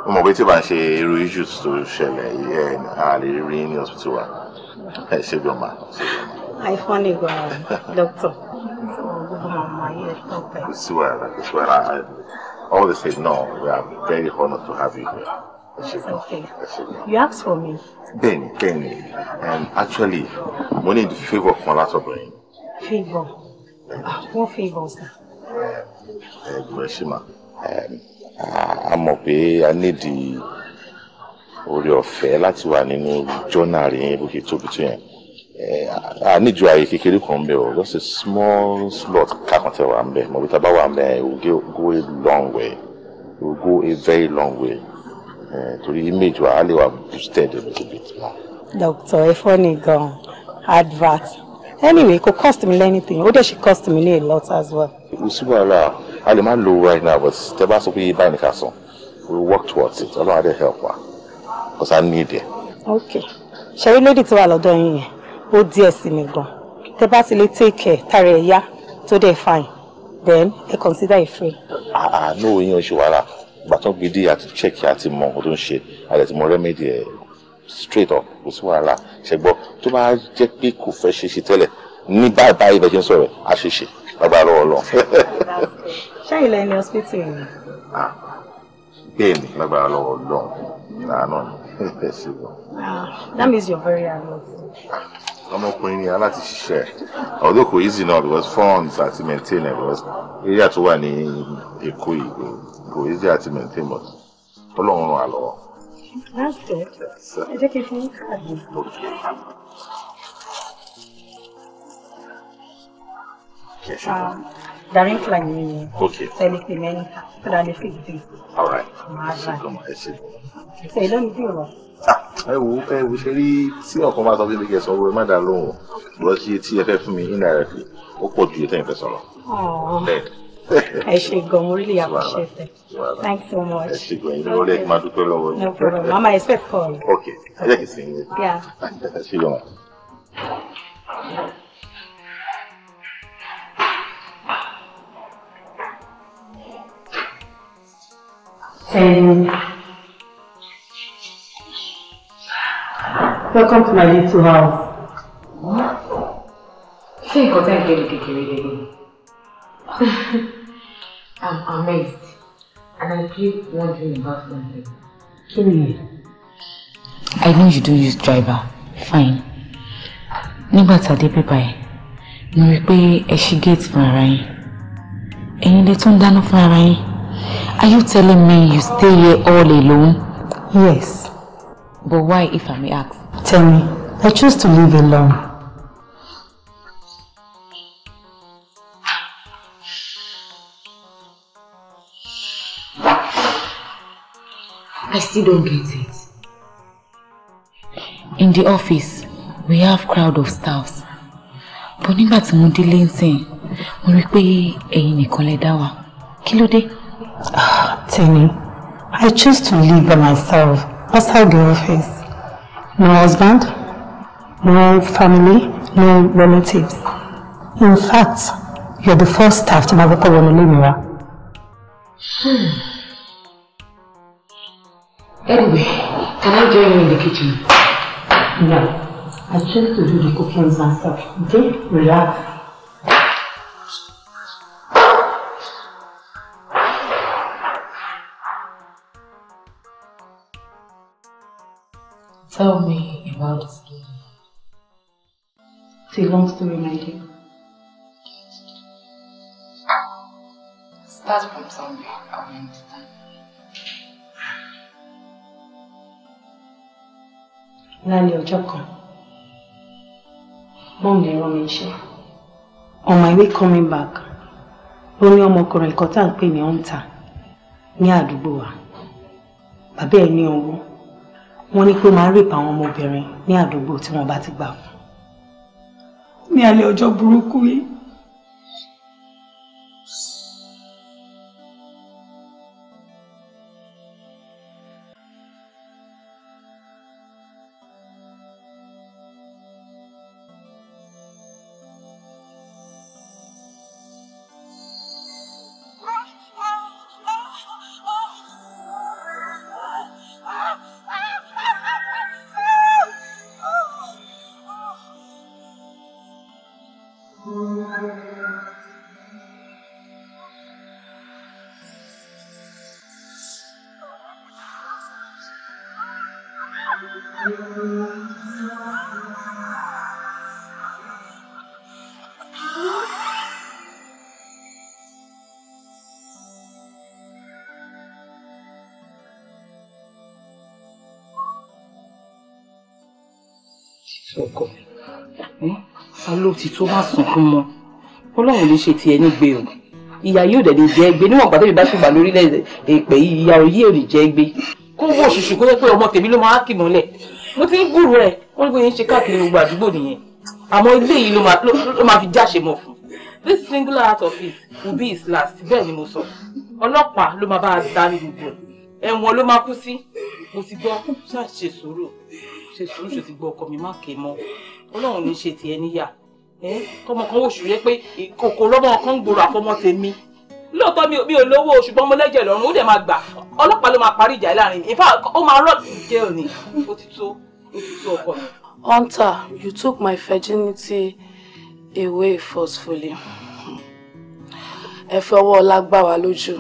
mo mọ̀ pé tí bá ń issues tó ṣẹlẹ̀ ẹ a lè rí ní hospital wa ẹ ṣe bí ọmọ. àìfọ́n ni gbọ́n dókítà all they say no we are very honoured to have you here. okay. You asked for me. Ben, Ben. um, actually, mo ní the favour kan látọ̀dọ̀ yín. Favour? Ah, what favor? sir? Ẹ̀gbọ́n ẹ̀ ṣì máa a mọ̀ pé a nídi orí ọ̀fẹ́ láti wà nínú jọ́nà rẹ̀ yẹn bó ṣe tóbi tó yẹn a níjú ààyè kékeré kan bẹ́ẹ̀ o just a small slot kákàntẹ́ wà ń bẹ̀ mọ̀ bí tá a bá wà ń bẹ̀ it will go a long way it will go a very long way torí image wa a lè wà boosted a little bit. doctor ẹ fọ́ ni gan advert anyway kò cost me anything ó dẹ̀ ṣe cost me a lot as well. kò sí wàhálà a lè má lo right now but tẹ bá sọ pé báyìí ni ká sọ we work towards it ọlọ́run adé help wa because i need it. ok ṣẹ́rí lady tí wà lọ́dọ̀ yín yẹn ó díẹ̀ sí mi take care tara yeah, today fine then ẹ consider it free. know oyin oṣù wàrà gbàtọ́ gidi àti check àti mọ ohun tó ń ṣe àti mọ remedy ẹ̀ straight up kò sí wàhálà ṣẹgbọ́ tó bá jẹ́ pé kò fẹ́ ṣe ṣe tẹ́lẹ̀ ní báyìí báyìí bẹ́ẹ̀ ṣe ń sọ̀rọ̀ àṣeṣe bàbá lọ́wọ́ lọ. ṣáyìn lẹni hospital yìí. Ah, bẹ́ẹ̀ni lágbára lọ́wọ́ Ọlọ́run làánà ẹ ṣe lọ. that means you're very alert. ọmọkùnrin ni aláti ṣiṣẹ́ although kò easy náà because funds àti maintain ẹ̀ because area tó wà ní Èkó yìí kò easy àti maintain but Ọlọ́run ràn án lọ́wọ́. that's good ẹ jẹ́ kí n fún káàdì. Yes, um, darin fila ni ẹni pè mẹ́rin tó dáa ní fìdí. ṣe ló ní bí wọn. ẹ wo ẹ wo tí ọkàn bá sọ fún mi kẹ sọ wọ má dà lóhùn lọ sí etí ẹ fẹ́ fún mi indirectly ó pọ̀ ju ètò ìfẹ́ sọ̀rọ̀. ẹ ṣe gan mo really appreciate it thanks so much. ẹ ṣe gan ẹni wọlé máa dúpẹ́ lọ́wọ́ yìí. no problem mama expect call. ok ẹ jẹ́ kí n sìn yín. ẹ ṣe gan. Thank you. Um, welcome to my little house. What? Ṣé nǹkan tẹ́ ń pè ní kékeré lélẹ̀? I'm amazed and I keep wondering about one thing. Kí ni? I know you don't use driver. Fine. Nígbà tá the dé No ẹ̀, a she i pé ẹ ṣí géètì fún ara yín. Ẹ̀yin lè tún dáná Are you telling me you stay here all alone? Yes. But why, if I may ask? Tell me. I choose to live alone. I still don't get it. In the office, we have crowd of staffs. But nígbà tí mo délé ń sìn, mo rí pé ẹ̀yin nìkan lẹ dá wà. Kí Ah, Tini, I choose to live by myself outside the face. No husband, no family, no relatives. In fact, you're the first staff to never call on Olimira. Hmm. Anyway, can I join you in the kitchen? No, I choose to do the cooking myself. Okay? Relax. Tell me about this game. It's a long story, my dear. Start from somewhere, I will understand. Lálẹ́ ọjọ́ kan, mọ́mù ní ẹ̀rọ On my way coming back, ó ní ọmọkùnrin kan tá à me. pè ní ọ̀ǹtà ní àdúgbò wa. Bàbá wọ́n ní pé ó máa ń rèpà àwọn ọmọbìnrin ní àdúgbò tí wọ́n bá ti gbà fún ní alẹ́ ọjọ́ burúkú yìí ló ti tó má sunkún mọ́ ọlọ́run lè ṣe tiẹ̀ nígbè o ìyá yóò dẹ̀ lè jẹ́ gbé níwọ̀n pàtẹ́bí bá ṣùgbọ́n lórílẹ̀ èpè ìyá òyì ò lè jẹ́ gbé. kó wọ ṣùṣù kó yẹ pé ọmọ tèmi ló máa kì mọ́lẹ̀ mo ti ń gbúrò ẹ̀ wọ́n gbé yín ṣe káàkiri gbogbo àdúgbò nìyẹn àmọ́ ilé yìí ló máa fi jáṣe mọ̀ fún this singular act of it will be his last bẹ́ẹ̀ ni mo sọ ọlọ́pàá ló máa bá a dá ní gbogbo ẹ̀wọ̀n ló máa kú sí mo ti gbọ́ ṣáà ṣe sùúrù ṣe sùúrù ṣe ti gbọ́ ọkọ mi má kéé mọ́ ọlọ́run ní ṣe tiẹ̀ níyà Hmm? kọ́mọ kan wò ṣùgbọ́n pé kòkó lọ́mọ kan ń gbòòrò àfọmọ tèmi lóòótọ́ mi ò lówó ṣùgbọ́n mo lẹ́jẹ̀ lọ́rùn ó dẹ̀ máa gbà ọlọ́pàá ló máa parí ìjà láàrin mi in ó máa rọ̀ jẹ́ òní ó ti tó ó ti tó ọkọ Hunter, you took my virginity away forcefully. ẹ fi ọwọ́ ọlá gbá wa lójú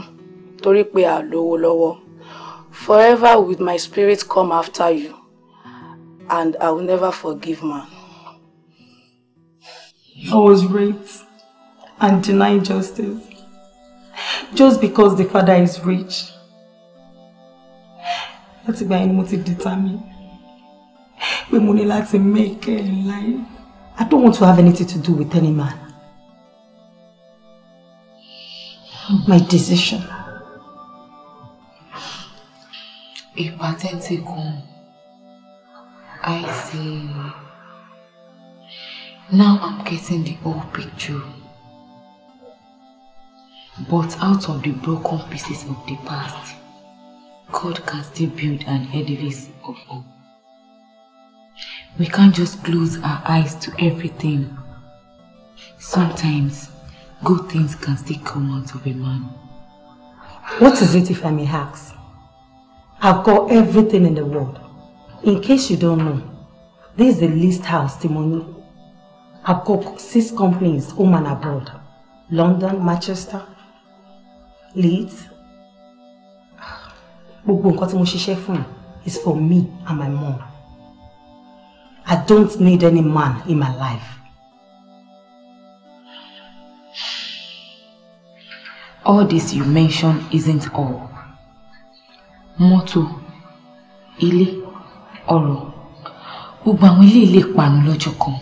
torí pé a lówó lọ́wọ́. Forever will my spirit come after you, and I will never forgive man. I was raped and denied justice just because the father is rich. That's ìgbà yẹn ni mo ti determine pé mo ní make it in life. I don't want to have anything to do with any man. My decision. Ìpàtẹ́ ti kún. I see. Now I'm getting the whole picture. But out of the broken pieces of the past, God can still build an edifice of hope. We can't just close our eyes to everything. Sometimes, good things can still come out of a man. What is it if I may ask? I've got everything in the world. In case you don't know, this is the least house Timon I've got six companies home and abroad. London, Manchester, Leeds. Gbogbo nǹkan tí mo ṣiṣẹ́ is for me and my mom. I don't need any man in my life. All this you mention isn't all. Mọ́tò, ilé, ọ̀rọ̀, gbogbo àwọn ilé ilé parun lọ́jọ́ kan.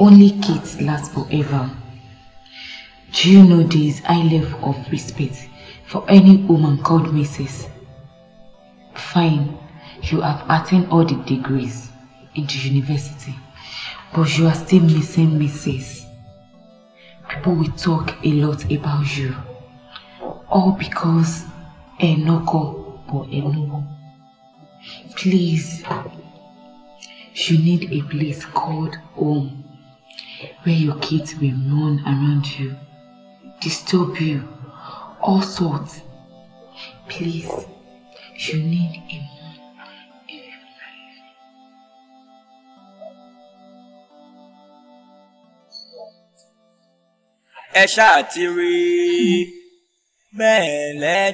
Only kids last forever. Do you know there is high level of respect for any woman called Mrs. Fine, you have attained all the degrees into university, but you are still missing Mrs. People will talk a lot about you, all because a knuckle or a no. Please, you need a place called home. where your kids will run around you, disturb you, all sorts. Please, you need a man in your life. Esha ṣáà ti rí bẹ́ẹ̀ lẹ́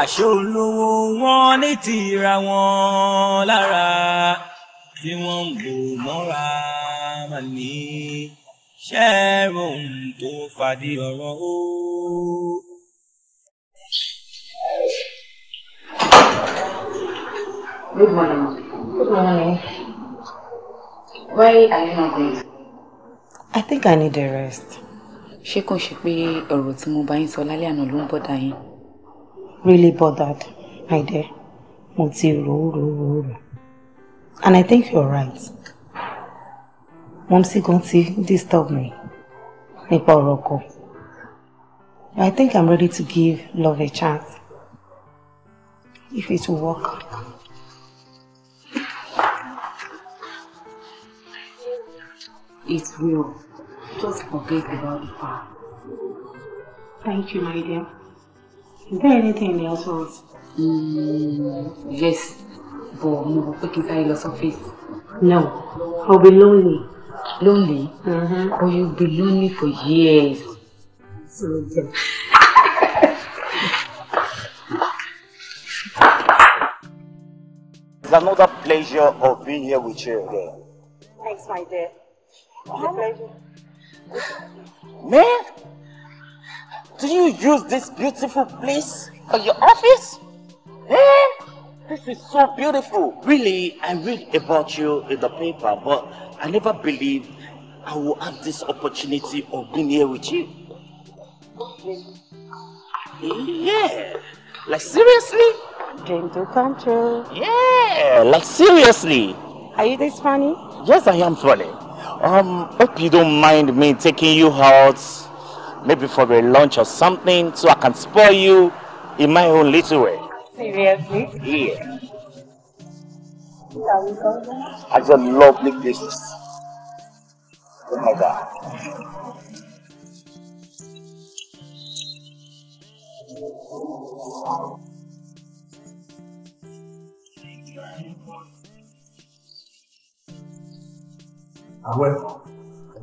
àṣẹ olówó wọn ní tìra wọn lára bí wọ́n ń gbò mọ́ra mà ní ṣẹ́ẹ̀rùn tó fàdí ọ̀rọ̀ o. Good morning. Good morning. Why are you not going? I think I need a rest. Ṣé kò ṣe pé ọ̀rọ̀ tí mo bá yín sọ lálẹ́ àná ló ń bọ̀dà yín? really bothered, my dear. Mo And I think you're right. Momsi gan ti disturb me nípa ọ̀rọ̀ I think I'm ready to give love a chance. If it will work. It will. Just forget about the past. Thank you, my dear. Is there anything in the house? Mm, yes, but mo rò pé kí n sáré lọ No, I'll be lonely. Lonely? Mm-hmm. Or oh, you'll be lonely for years. So, yeah. It's another pleasure of being here with you again. Thanks, my dear. It's a pleasure. Man, Do you use this beautiful place for your office? Eh? This is so beautiful. Really, I read about you in the paper, but I never believed I will have this opportunity of being here with you. Yeah. Like seriously? Dream to come true. Yeah, like seriously. Are you this funny? Yes, I am funny. Um, hope you don't mind me taking you out maybe for a lunch or something so I can spoil you in my own little way. Seriously? Yeah. I just love big dishes. Oh my god. I will.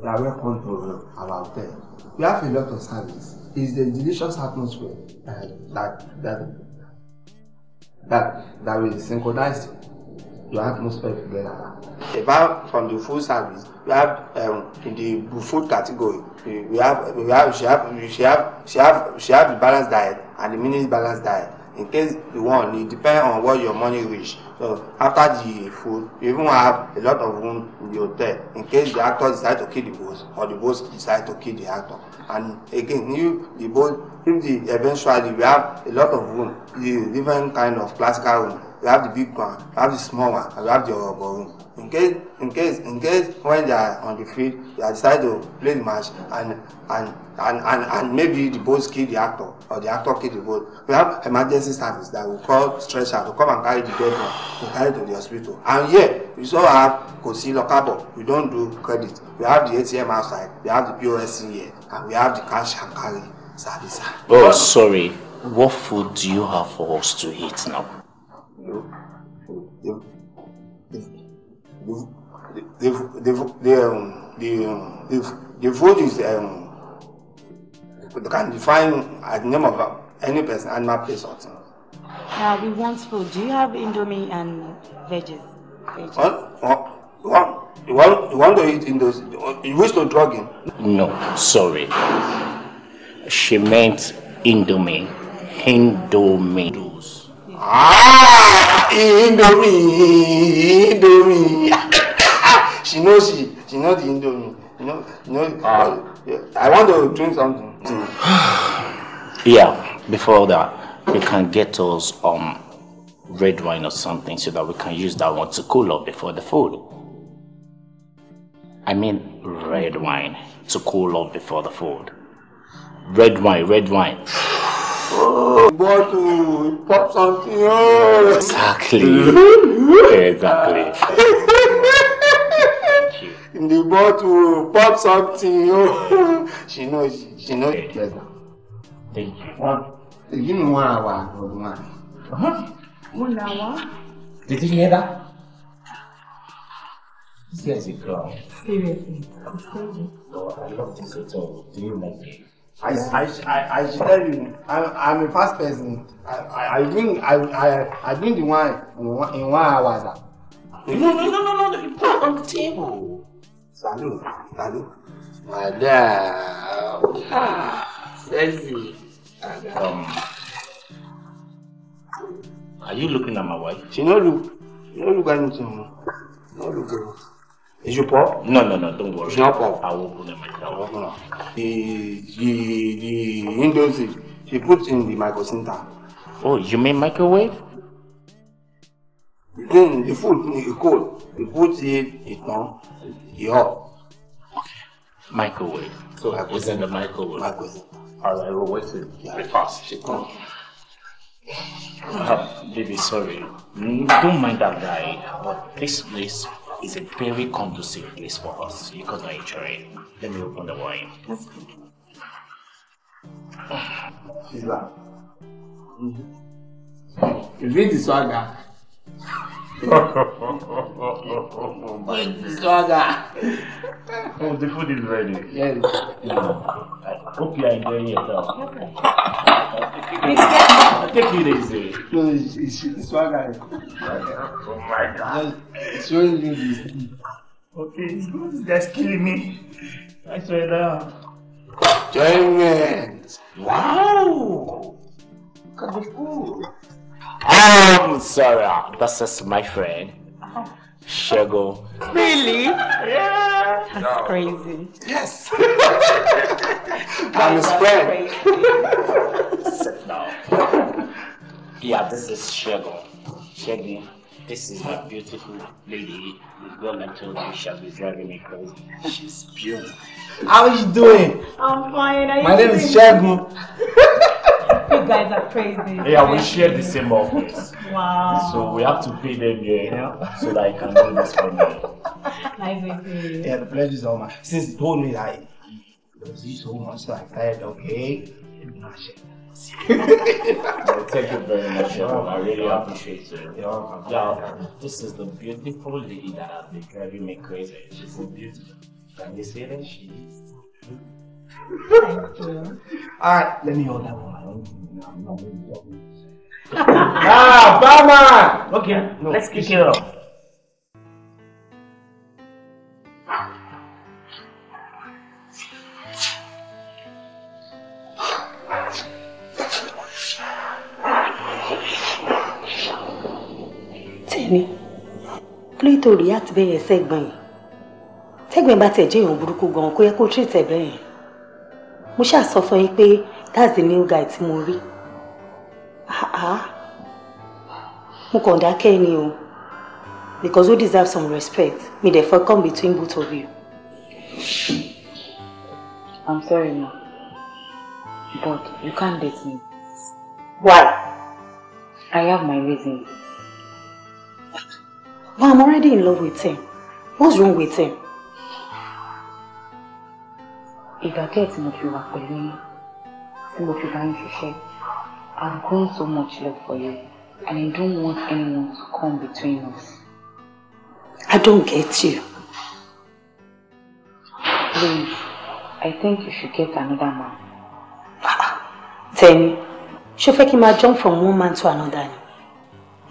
I will come to our hotel. We have a lot of service. It's the delicious atmosphere uh, that that that that will synchronize your atmosphere together. Apart from the food service, we have um, in the food category, we have we have she have she have she have she have the balanced diet and the mini balanced diet in case you want it depends on what your money reach so after the food you even have a lot of room in the hotel in case the actor decide to kill the boss or the boss decide to kill the actor and again if the boss if the eventually we have a lot of room the different kind of classical room we have the big one, we have the small one, and we have the rubber room. In case, in case, in case when they are on the field, they decide to play the match and and and and, and maybe the boss kill the actor or the actor kill the boss. We have emergency service that will call stretcher to come and carry the dead one to carry to the hospital. And here we still have Kosi Lokabo. We don't do credit. We have the ATM outside. We have the POS in here, and we have the cash and carry service. Oh, sorry. What food do you have for us to eat now? The uh, the the the the have um, they, is um, they can define at the name of any person, animal, place, or thing. Now we want food. Do you have indomie and veggies? veggies? What? What? You want, you want to eat indomie? you wish to drug him? No, sorry. She meant Indomie. Indomie. Ah, Indomie, Indomie. she knows she, she knows the Indomie. You know, you know. I want to drink something. yeah, before that, we can get us um red wine or something so that we can use that one to cool off before the food. I mean red wine to cool off before the food. Red wine, red wine. But pop something Exactly. exactly. In the bottle, pop something. Oh, she knows. She knows it does Thank you. One. You know one hour or one. Huh? One hour. Did you hear that? This is a clown. Seriously, it's crazy. Oh, I love this hotel. Do you like it? I, I, I, I should tell you, I, I'm a fast person. I, I, I drink, I, I, I bring the wine in one, in one hour. No, no, no, no, no, you put it on the table. Salud, salud. Madam. Ah, sexy. Um, Are you looking at my wife? She no look. She no look at me. No look at me. Is you poor? No, no, no, don't worry. It's not poor. I will open it myself. No. The, the, the windows, he put in the microcenter. Oh, you mean microwave? Then the food, is cold, he put it, it on, the hot. Microwave. So I was in the microwave. Microwave. All right, we'll wait for it pass. She Uh, ah, baby, sorry. Mm, don't mind that guy, but this place It's a very conducive place for us You I enjoy it. Let me open the wine. Yes. Is that? Mm -hmm. Is it the swagger? Swagger. Oh, the food is ready. Yes. Yeah. Hope you are enjoying yourself. Take it easy. No, it's, it's, it's swagger. Oh my God. Just showing you Okay, it's good. That's killing me. I swear down. Diamonds. Wow. Look at the food. I'm um, sorry. Uh, That's just my friend. Shago. Really? Yeah. That's no. crazy. Yes. I'm his friend. Sit down. Yeah, this is Shago. Shaggy. This is a beautiful lady. This woman told me she'll be driving me crazy. She's beautiful. are you doing? I'm fine. Are my name doing? is Shago. you guys are crazy. Yeah, we share the same office. Wow. So we have to pay them here yeah. so that I can do this for me. Nice Yeah, the pleasure is all mine. Since he told me like there was so much, so I said, okay, well, thank you very much, I really appreciate you. Yeah, yeah, this is the beautiful lady that has been driving me crazy. She's so beautiful. Can you see that she is? Thank you. All right, let me hold that one. ah, Bama! Okay, no, let's kick it off. Tẹ́ni, Pluto react To sẹ́gbọ̀n yìí. Tẹ́gbọ̀n segment. tẹ̀ jẹ́ èèyàn burúkú gan-an kó yẹ kó treat ẹ̀ mo ṣáà sọ fún yín pé that's the new guy tí mo rí mo kàn dákẹ́ ni o because you deserve some respect me therefore come between both of you. I'm sorry ma but you can't date me. Why? I have my reasons. Ma, I'm already in love with him. What's wrong with him? ìdákẹ́ tí mo fi wà pẹ̀lú yín tí mo fi bá yín ṣiṣẹ́ I've grown so much love for you and I don't want anyone to come between us. I don't get you. Please, I think you should get another man. Ah, Tẹ́ni, ṣé o fẹ́ kí n máa jump from one man to another ni?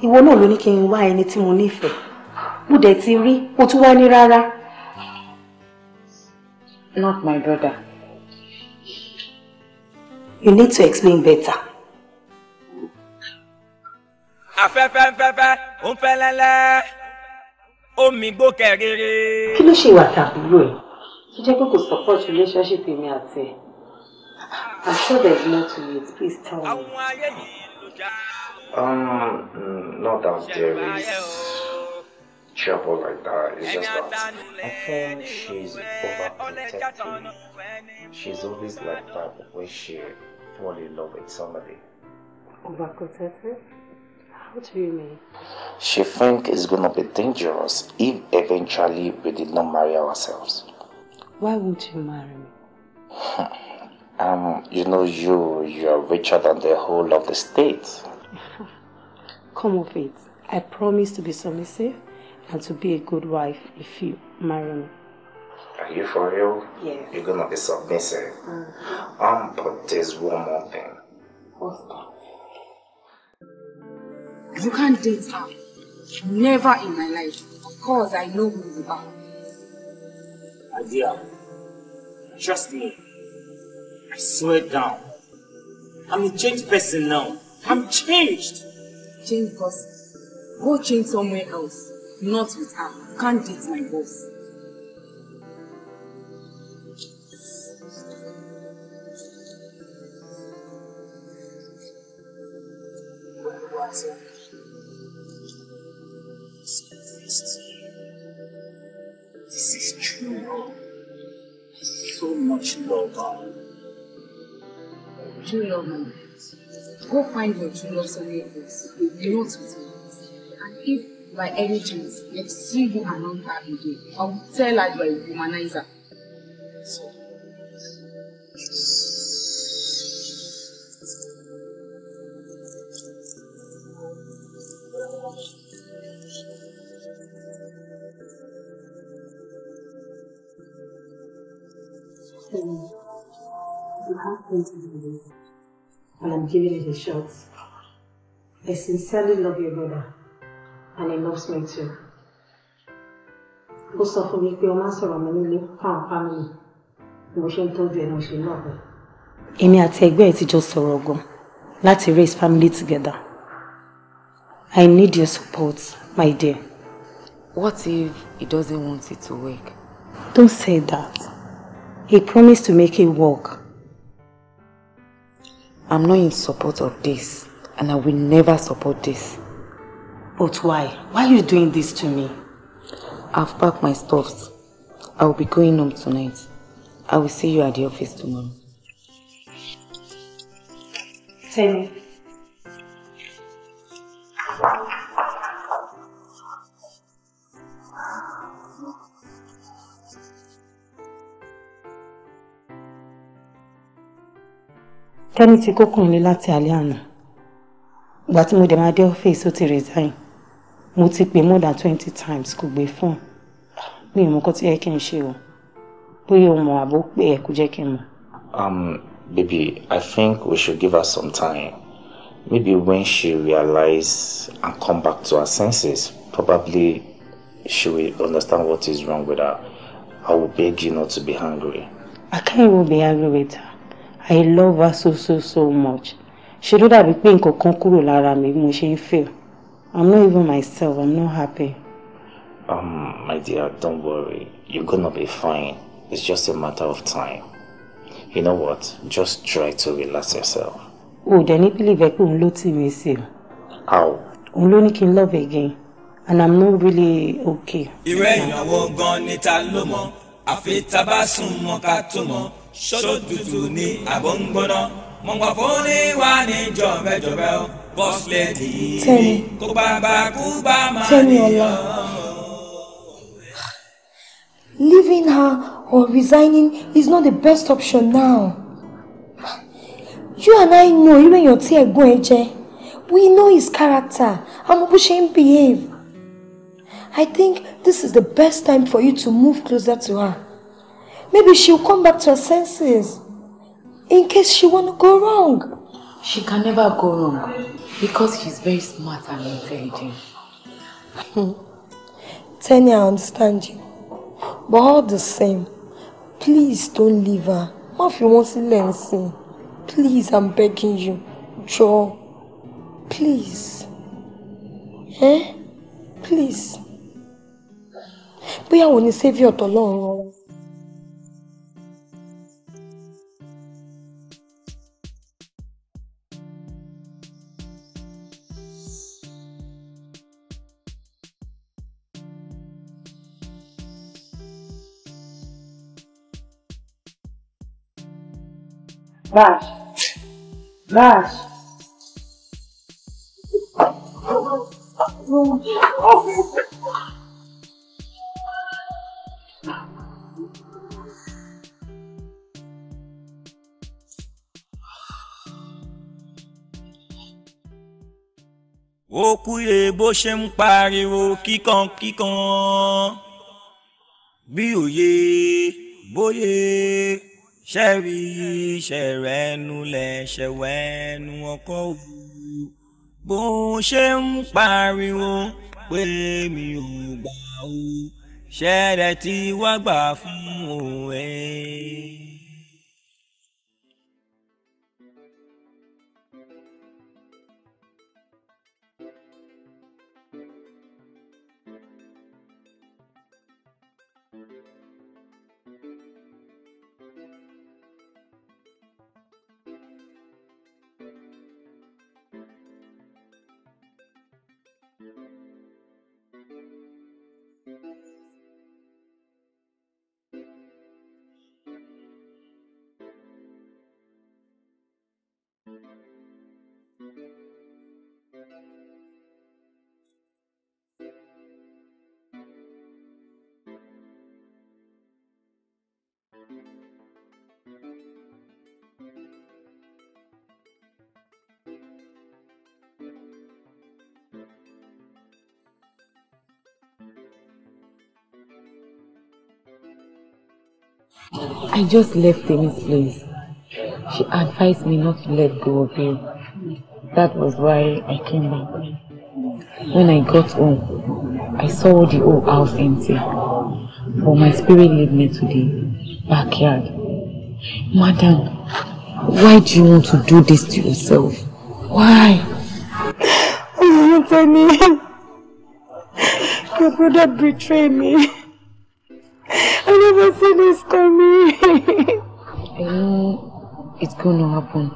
Ìwọ náà ló ní kí n wá ẹni tí mo nífẹ̀ẹ́. Mo dẹ̀ ti rí, mo tún wá ní rárá. Not my brother. You need to explain better. Afẹ́fẹ́ ń fẹ́fẹ́, ó ń fẹ́ lẹ́lẹ́, omi support relationship èmi àti ẹ̀. I'm sure there's more to it. Please tell me. Um, mm, not that there is. Cheap like that. It's just that I think she's overprotective. She's always like that when she fall in love with somebody. Overprotective? How do you mean? She think it's gonna be dangerous if eventually we did not marry ourselves. Why won't you marry me? um, you know you, you are richer than the whole of the state. Come of it. I promise to be submissive and to be a good wife if you marry me. Are you for real? Yes. You're gonna be submissive. Mm. Um, but there's one more thing. What's that? You can't date her. Never in my life. Of course, I know who you are. My trust me. I swear down. I'm a changed person now. I'm changed. Change because go change somewhere else. Not with her. Can't date my boss. This is true love. So much love. True love, my Go find your true love somewhere else. Not with me. And if by any chance, let's see you around her again, I will tell her you are a womanizer. So, You have me, and I'm giving it a shot. I sincerely love your brother. and he loves me too. ó sọ fún mi pé ọmọ sọ̀rọ̀ mi nílé fáwọn fámìlì bí mo ṣe ń tọ́jú ẹni ṣe náà bẹ́ẹ̀. èmi àti ẹgbẹ́ ẹ̀ ti jọ sọ̀rọ̀ gan láti raise family together. I need your support, my dear. What if he doesn't want it to work? Don't say that. He promised to make it work. I'm not in support of this, and I will never support this. But why? Why are you doing this to me? I've packed my stuffs. I'll be going home tonight. I will see you at the office tomorrow. Tell me. ti kókùnrin láti alẹ́ àná. Ìgbà tí mo dẹ̀ máa dé ọ́fíìsì ó ti mo ti pè more than twenty times kò gbé fún mi ìmọ̀ kan tí ẹ kí n ṣe o bóyá o mọ̀ àbó pé ẹ kò jẹ́ kí n mọ̀. Um, baby i think we should give her some time maybe when she realize and come back to her senses probably she will understand what is wrong with her i will beg you not to be angry. i can't even be angry with her i love her so so so much ṣe ló dàbí pé nǹkan kan kúrò lára mi bí mo ṣe ń feel. I'm not even myself. I'm not happy. Um, my dear, don't worry. You're gonna be fine. It's just a matter of time. You know what? Just try to relax yourself. Oh, then if you leave it, you'll lose me. How? Òun ló ní love again and I'm not really okay. Irú ìyàwó gan ni ta ló mọ̀, àfi ta bá sùn mọ́ ká tó mọ̀, ni àbọ̀ ń o bọ́sùlẹ̀ tèmi kó Leaving her or resigning is not the best option now. You and I know even your tí ẹ̀gbọ́n ẹ jẹ́. We know his character and bó ṣe ń behave. I think this is the best time for you to move closer to her. Maybe she'll come back to her senses in case she wanna go wrong. She can never go wrong. Because she's very smart and intelligent. Hmm. Tanya, I understand you. But all the same, please don't leave her. Má fi wọ́n sílẹ̀ ń sìn. Please, I'm begging you. Jọ̀ọ́. Please. Eh? Please. Bóyá wo ni Saviour tọ́lọ́run rán wa. Baş. Baş. ó kúlẹ̀ bó ṣe ń pariwo kíkan kíkan bí òye bóyé ṣẹ́rí ṣẹ̀rẹ́nulẹ̀ nu ọkọ̀ òwú bó ṣe ń pariwo pé mi ò gbà ó ṣẹ̀rẹ̀ tí wàá gbà fún òun ẹ̀. I just left Amy's place. She advised me not to let go of him. That was why I came back. When I got home, I saw the old house empty. But my spirit led me to the backyard. Madam, why do you want to do this to yourself? Why? Anthony, oh, your brother betrayed me. I never see this coming. I know it's going to happen,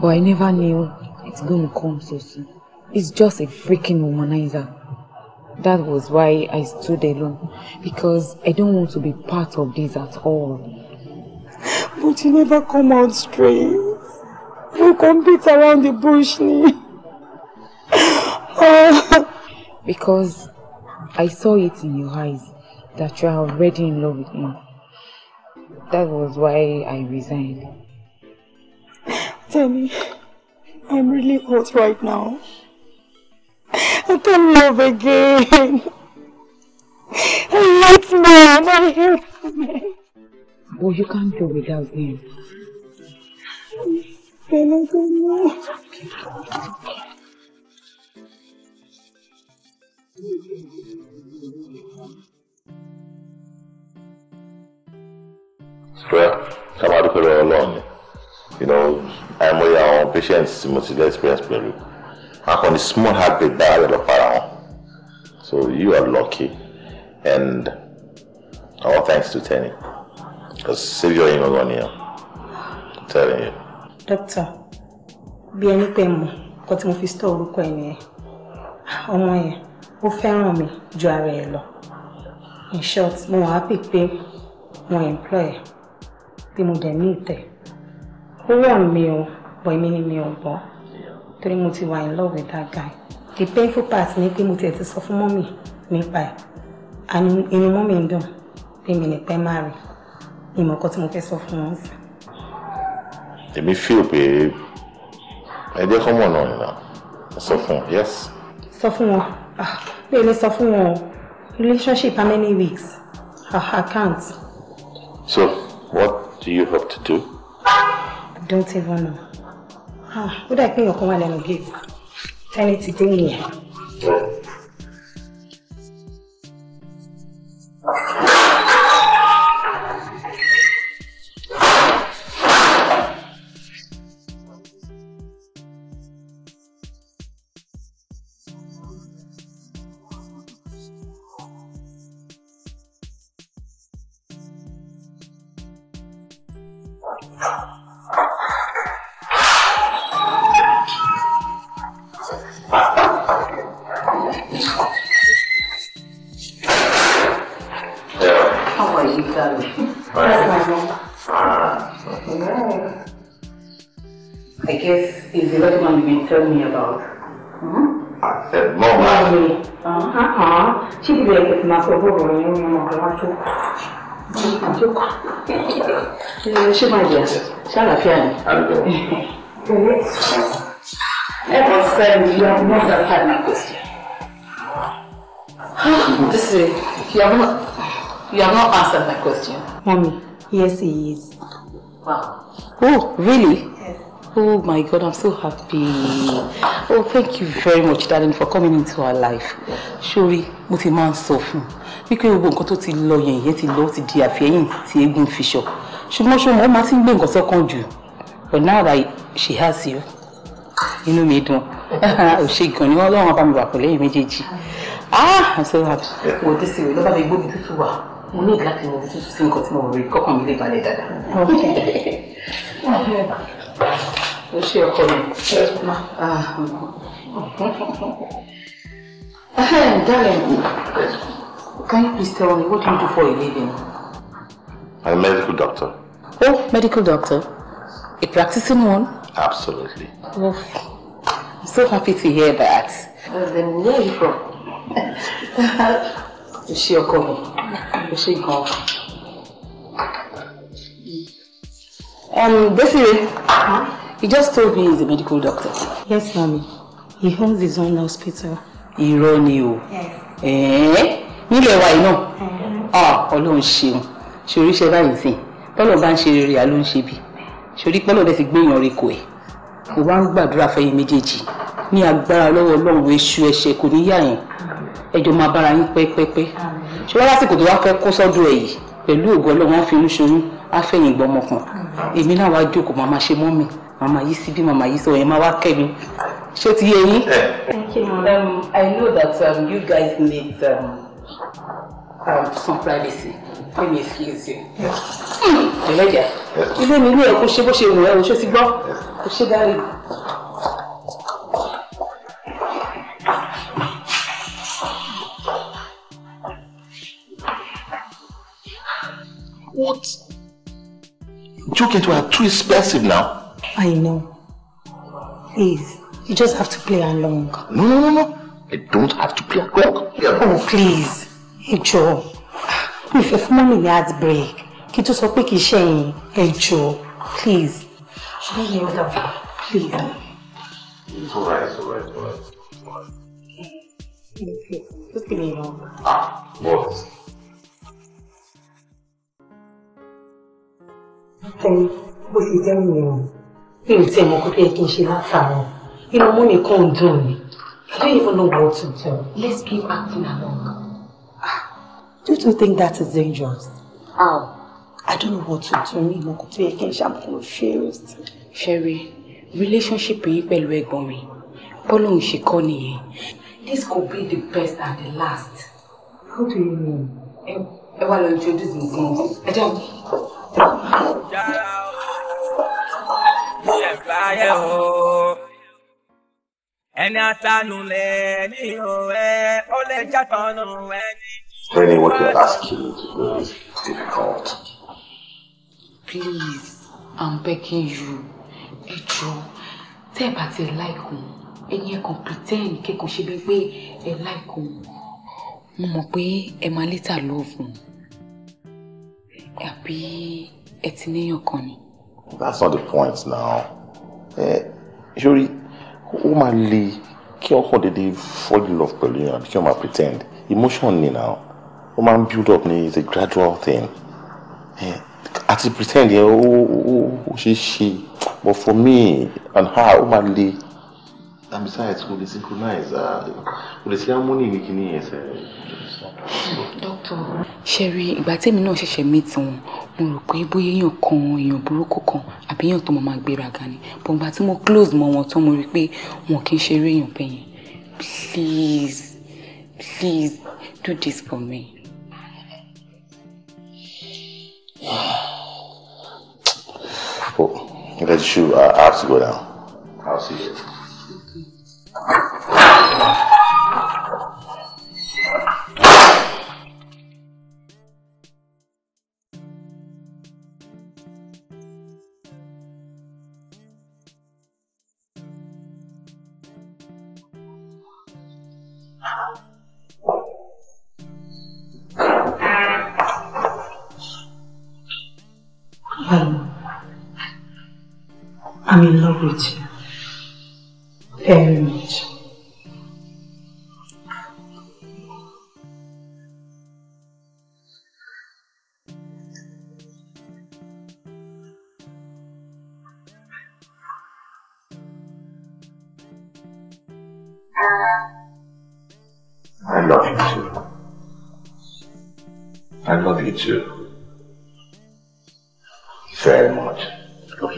but I never knew it's going to come so soon. It's just a freaking womanizer. That was why I stood alone, because I don't want to be part of this at all. But you never come out straight. You compete around the bush, ni. because I saw it in your eyes. that you are already in love with him. That was why I resigned. me, I'm really hot right now. I can't love again. I hate man, I hate man. Well, you can't do without him. I don't know. Thank you. fẹ́ sàmàdúpẹ́ lọ́wọ́ Ọlọ́run ni you know àìmọye àwọn patients tí mo ti lè experience pẹ̀lú akọni small heart, heartbreak dára lọ para wọn so you are lucky and our thanks to Tenny because saviour yín lọ́wọ́ nìyẹn I'm telling you. doctor bí ẹni pé mo kọ́ tí mo fi store orúkọ ẹ̀ nìyẹn ọmọ yẹn ó fẹ́ràn mi ju ara ẹ̀ lọ in short mo wà á pè pé mo employ ẹ̀ tí mo dẹ̀ ní ìtẹ̀ ó wọ̀ mí o bọ̀ èmi ni mi ò bọ́ torí mo ti wà in love with that guy the painful part ni pé mo tiẹ̀ ti sọ fún mọ́mì nípa ẹ̀ àní inú mọ́mì ń dùn pé mi ní pẹ́ má rí ìmọ̀ kan tí mo fẹ́ sọ fún wọn sí. èmi fíò pé ẹ jẹ́ kọ́ náà nìyà sọ fún wọn yes. sọ fún wọn ah, mi ò sọ fún wọn o relationship how many weeks her ah, account. so what do you hope to do? I don't even know. Ah, ó dà pé èèyàn kan wà lẹ́nu gate. Tẹ́ni ti dé nìyẹn. Yeah. How are you, darling? That's Ah. Yeah. I guess it's the last one you can tell me about. Hmm? I said, no Mommy. Uh-huh. She did it with my soul, you know, my àjọkọ ṣé máa jẹ ṣàlàfíà ni. ẹ kò sẹ́ni you have not answered my question. this way. You have not, you have not answered my question. Mommy, yes, he is. Wow. Oh, really? Oh my God, I'm so happy. Oh, thank you very much, darling, for coming into our life. Surely, muti man máa ń sọ fún wípé gbogbo nǹkan tó ti lọ yẹn yẹn ti lọ ti di àfihàn ti eégún fiṣọ ṣùgbọ́n ṣùgbọ́n ó máa ti ń gbé nǹkan sọ́kàn but now that she has you inú mi dùn ò ṣe gan ni wọ́n lọ́wọ́ bá mi wà pẹ̀lú ẹ̀yin méjèèjì ah i'm so happy wò ó dé sí i lọ́ba mi gbómi tútù wà mo ní ìgbà tí mo fi tútù sí nǹkan tí mo rí kọ́kàn ah, Okay. Okay. Okay. Okay. Okay. Okay. Okay. Okay. Okay. can you please tell me what do you do for a living. i'm a medical doctor. oh medical doctor a practicing one. absolutely. Oh, i'm so happy to hear that. Uh, then where are you from o ṣe ọkọ mi o ṣe gan um Desire huh? he just told me he's a medical doctor. yes mommy. he owns his own hospital. irọ́ ni o nílẹ̀ wa yìí náà ah, ọlọ́run ṣeun ṣe oríṣẹ́ báyìí sìn tọ́lọ̀ bá ń ṣe rere àló ń ṣe bí ṣorí pọ́lọ̀ dẹ̀ ti gbéyàn rẹ̀ bad ẹ̀ mo wá ń gbàdúrà fẹ́yìn méjèèjì ní agbára lọ́wọ́ ọlọ́run èṣù ẹ̀ṣẹ̀ ẹjọ́ máa bára yín pẹ́pẹ́pẹ́ ṣé lásìkò tó wá fẹ́ kó sọ́dọ̀ ẹ̀ pẹ̀lú ògùn ọlọ́run á ṣoyún á fẹ̀yìn èmi náà wá jókòó màmá ṣe mọ́mì màmá yìí síbí màmá yìí sọ yẹn máa wá kẹ́ mi ṣé ti yé yín. Eh. thank you um, i know that um, you guys need um, um, some privacy let me excuse you. ìrẹ́jà eh. hmm. eh. ilé mi ilé ẹ̀kọ́ ṣe bó ṣe wù ẹ́ o ṣé ti gbọ́ kò ṣe dárí. joking, we are too expensive now. I know. Please, you just have to play along. No, no, no, no. I don't have to play along. Oh, please. Ẹ jọ̀ọ́. Mi fẹ́ fún mọ́mí ní heartbreak. Kí tó sọ pé kì í ṣe yín. Please. Ṣé yẹ ọ́ dàbọ̀? Please. It's alright, it's alright, it's alright. Just give me a moment. Ah, what? fẹ́mi bó ṣe jẹ́ mi nìyẹn mi ò tiẹ̀ mọ kó tó yẹ kí n ṣe látàárọ̀ inú mú nìkan ń dùn ni I don't even know what to do. Let's keep acting along. Ah, do you think that is dangerous? How? I don't know what to do mi mọ kó tó yẹ kí n ṣe I'm confused. Sherry, relationship yìí pẹ̀lú ẹ̀gbọ́n mi bọ́lọ́hún ṣe kọ́ nìyẹn. This could be the best and the last. How do you mean? ẹ wá lọ introduce me sí ẹ jẹun fàyẹ̀ o. Oh. ẹni àtànù lẹ́ni o ẹ ó lè jàtọ̀nù ẹni. Really, what you're asking is very difficult. Please, I'm begging you, ẹ jọ̀ọ́ tẹ́ ẹ bá ti láìkùn ẹ̀yin ẹ̀ kàn pretend kẹ́kọ̀ọ́ ṣe bí pé ẹ láìkùn mo mọ̀ pé ẹ máa létà lóòfù àbí ẹ ti níyàn kan ni. That's not the point now ẹ eh, sori ó máa le kí ọkọ dédé fall in love pẹ̀lú yẹn àbí kí wọ́n máa pretend emotion ni now ó máa build up ni it's a gradual thing eh, àti pretend yẹn ó ó ṣe é ṣe but for me and her ó máa le and besides kò lè synchronize ah, kò lè sí harmony ní kíní yẹn sẹ́yìn dókítà ṣẹ̀rí ìgbà tẹ́mi náà ṣẹ̀ṣẹ̀ meet wọn mo rò pé bóyá èèyàn kan èèyàn burúkú kan àbí èèyàn tó mọ̀ máa gbéraga ni bọ̀ ìgbà tí mo close mọ́ wọn tán mo rí i pé wọn kì í ṣe eré èèyàn bẹ́yẹn please please do this for me. Oh, let's shoot. I have to go down. I'll see you. Okay.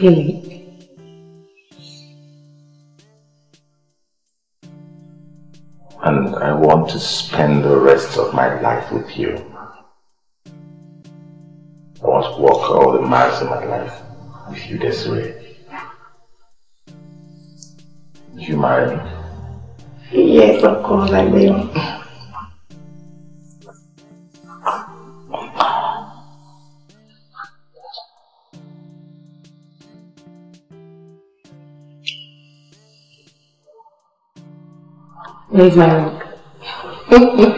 And I want to spend the rest of my life with you. I want to walk all the miles of my life with you, Desiree. Will you marry me? Yes, of course I will. Here's my link.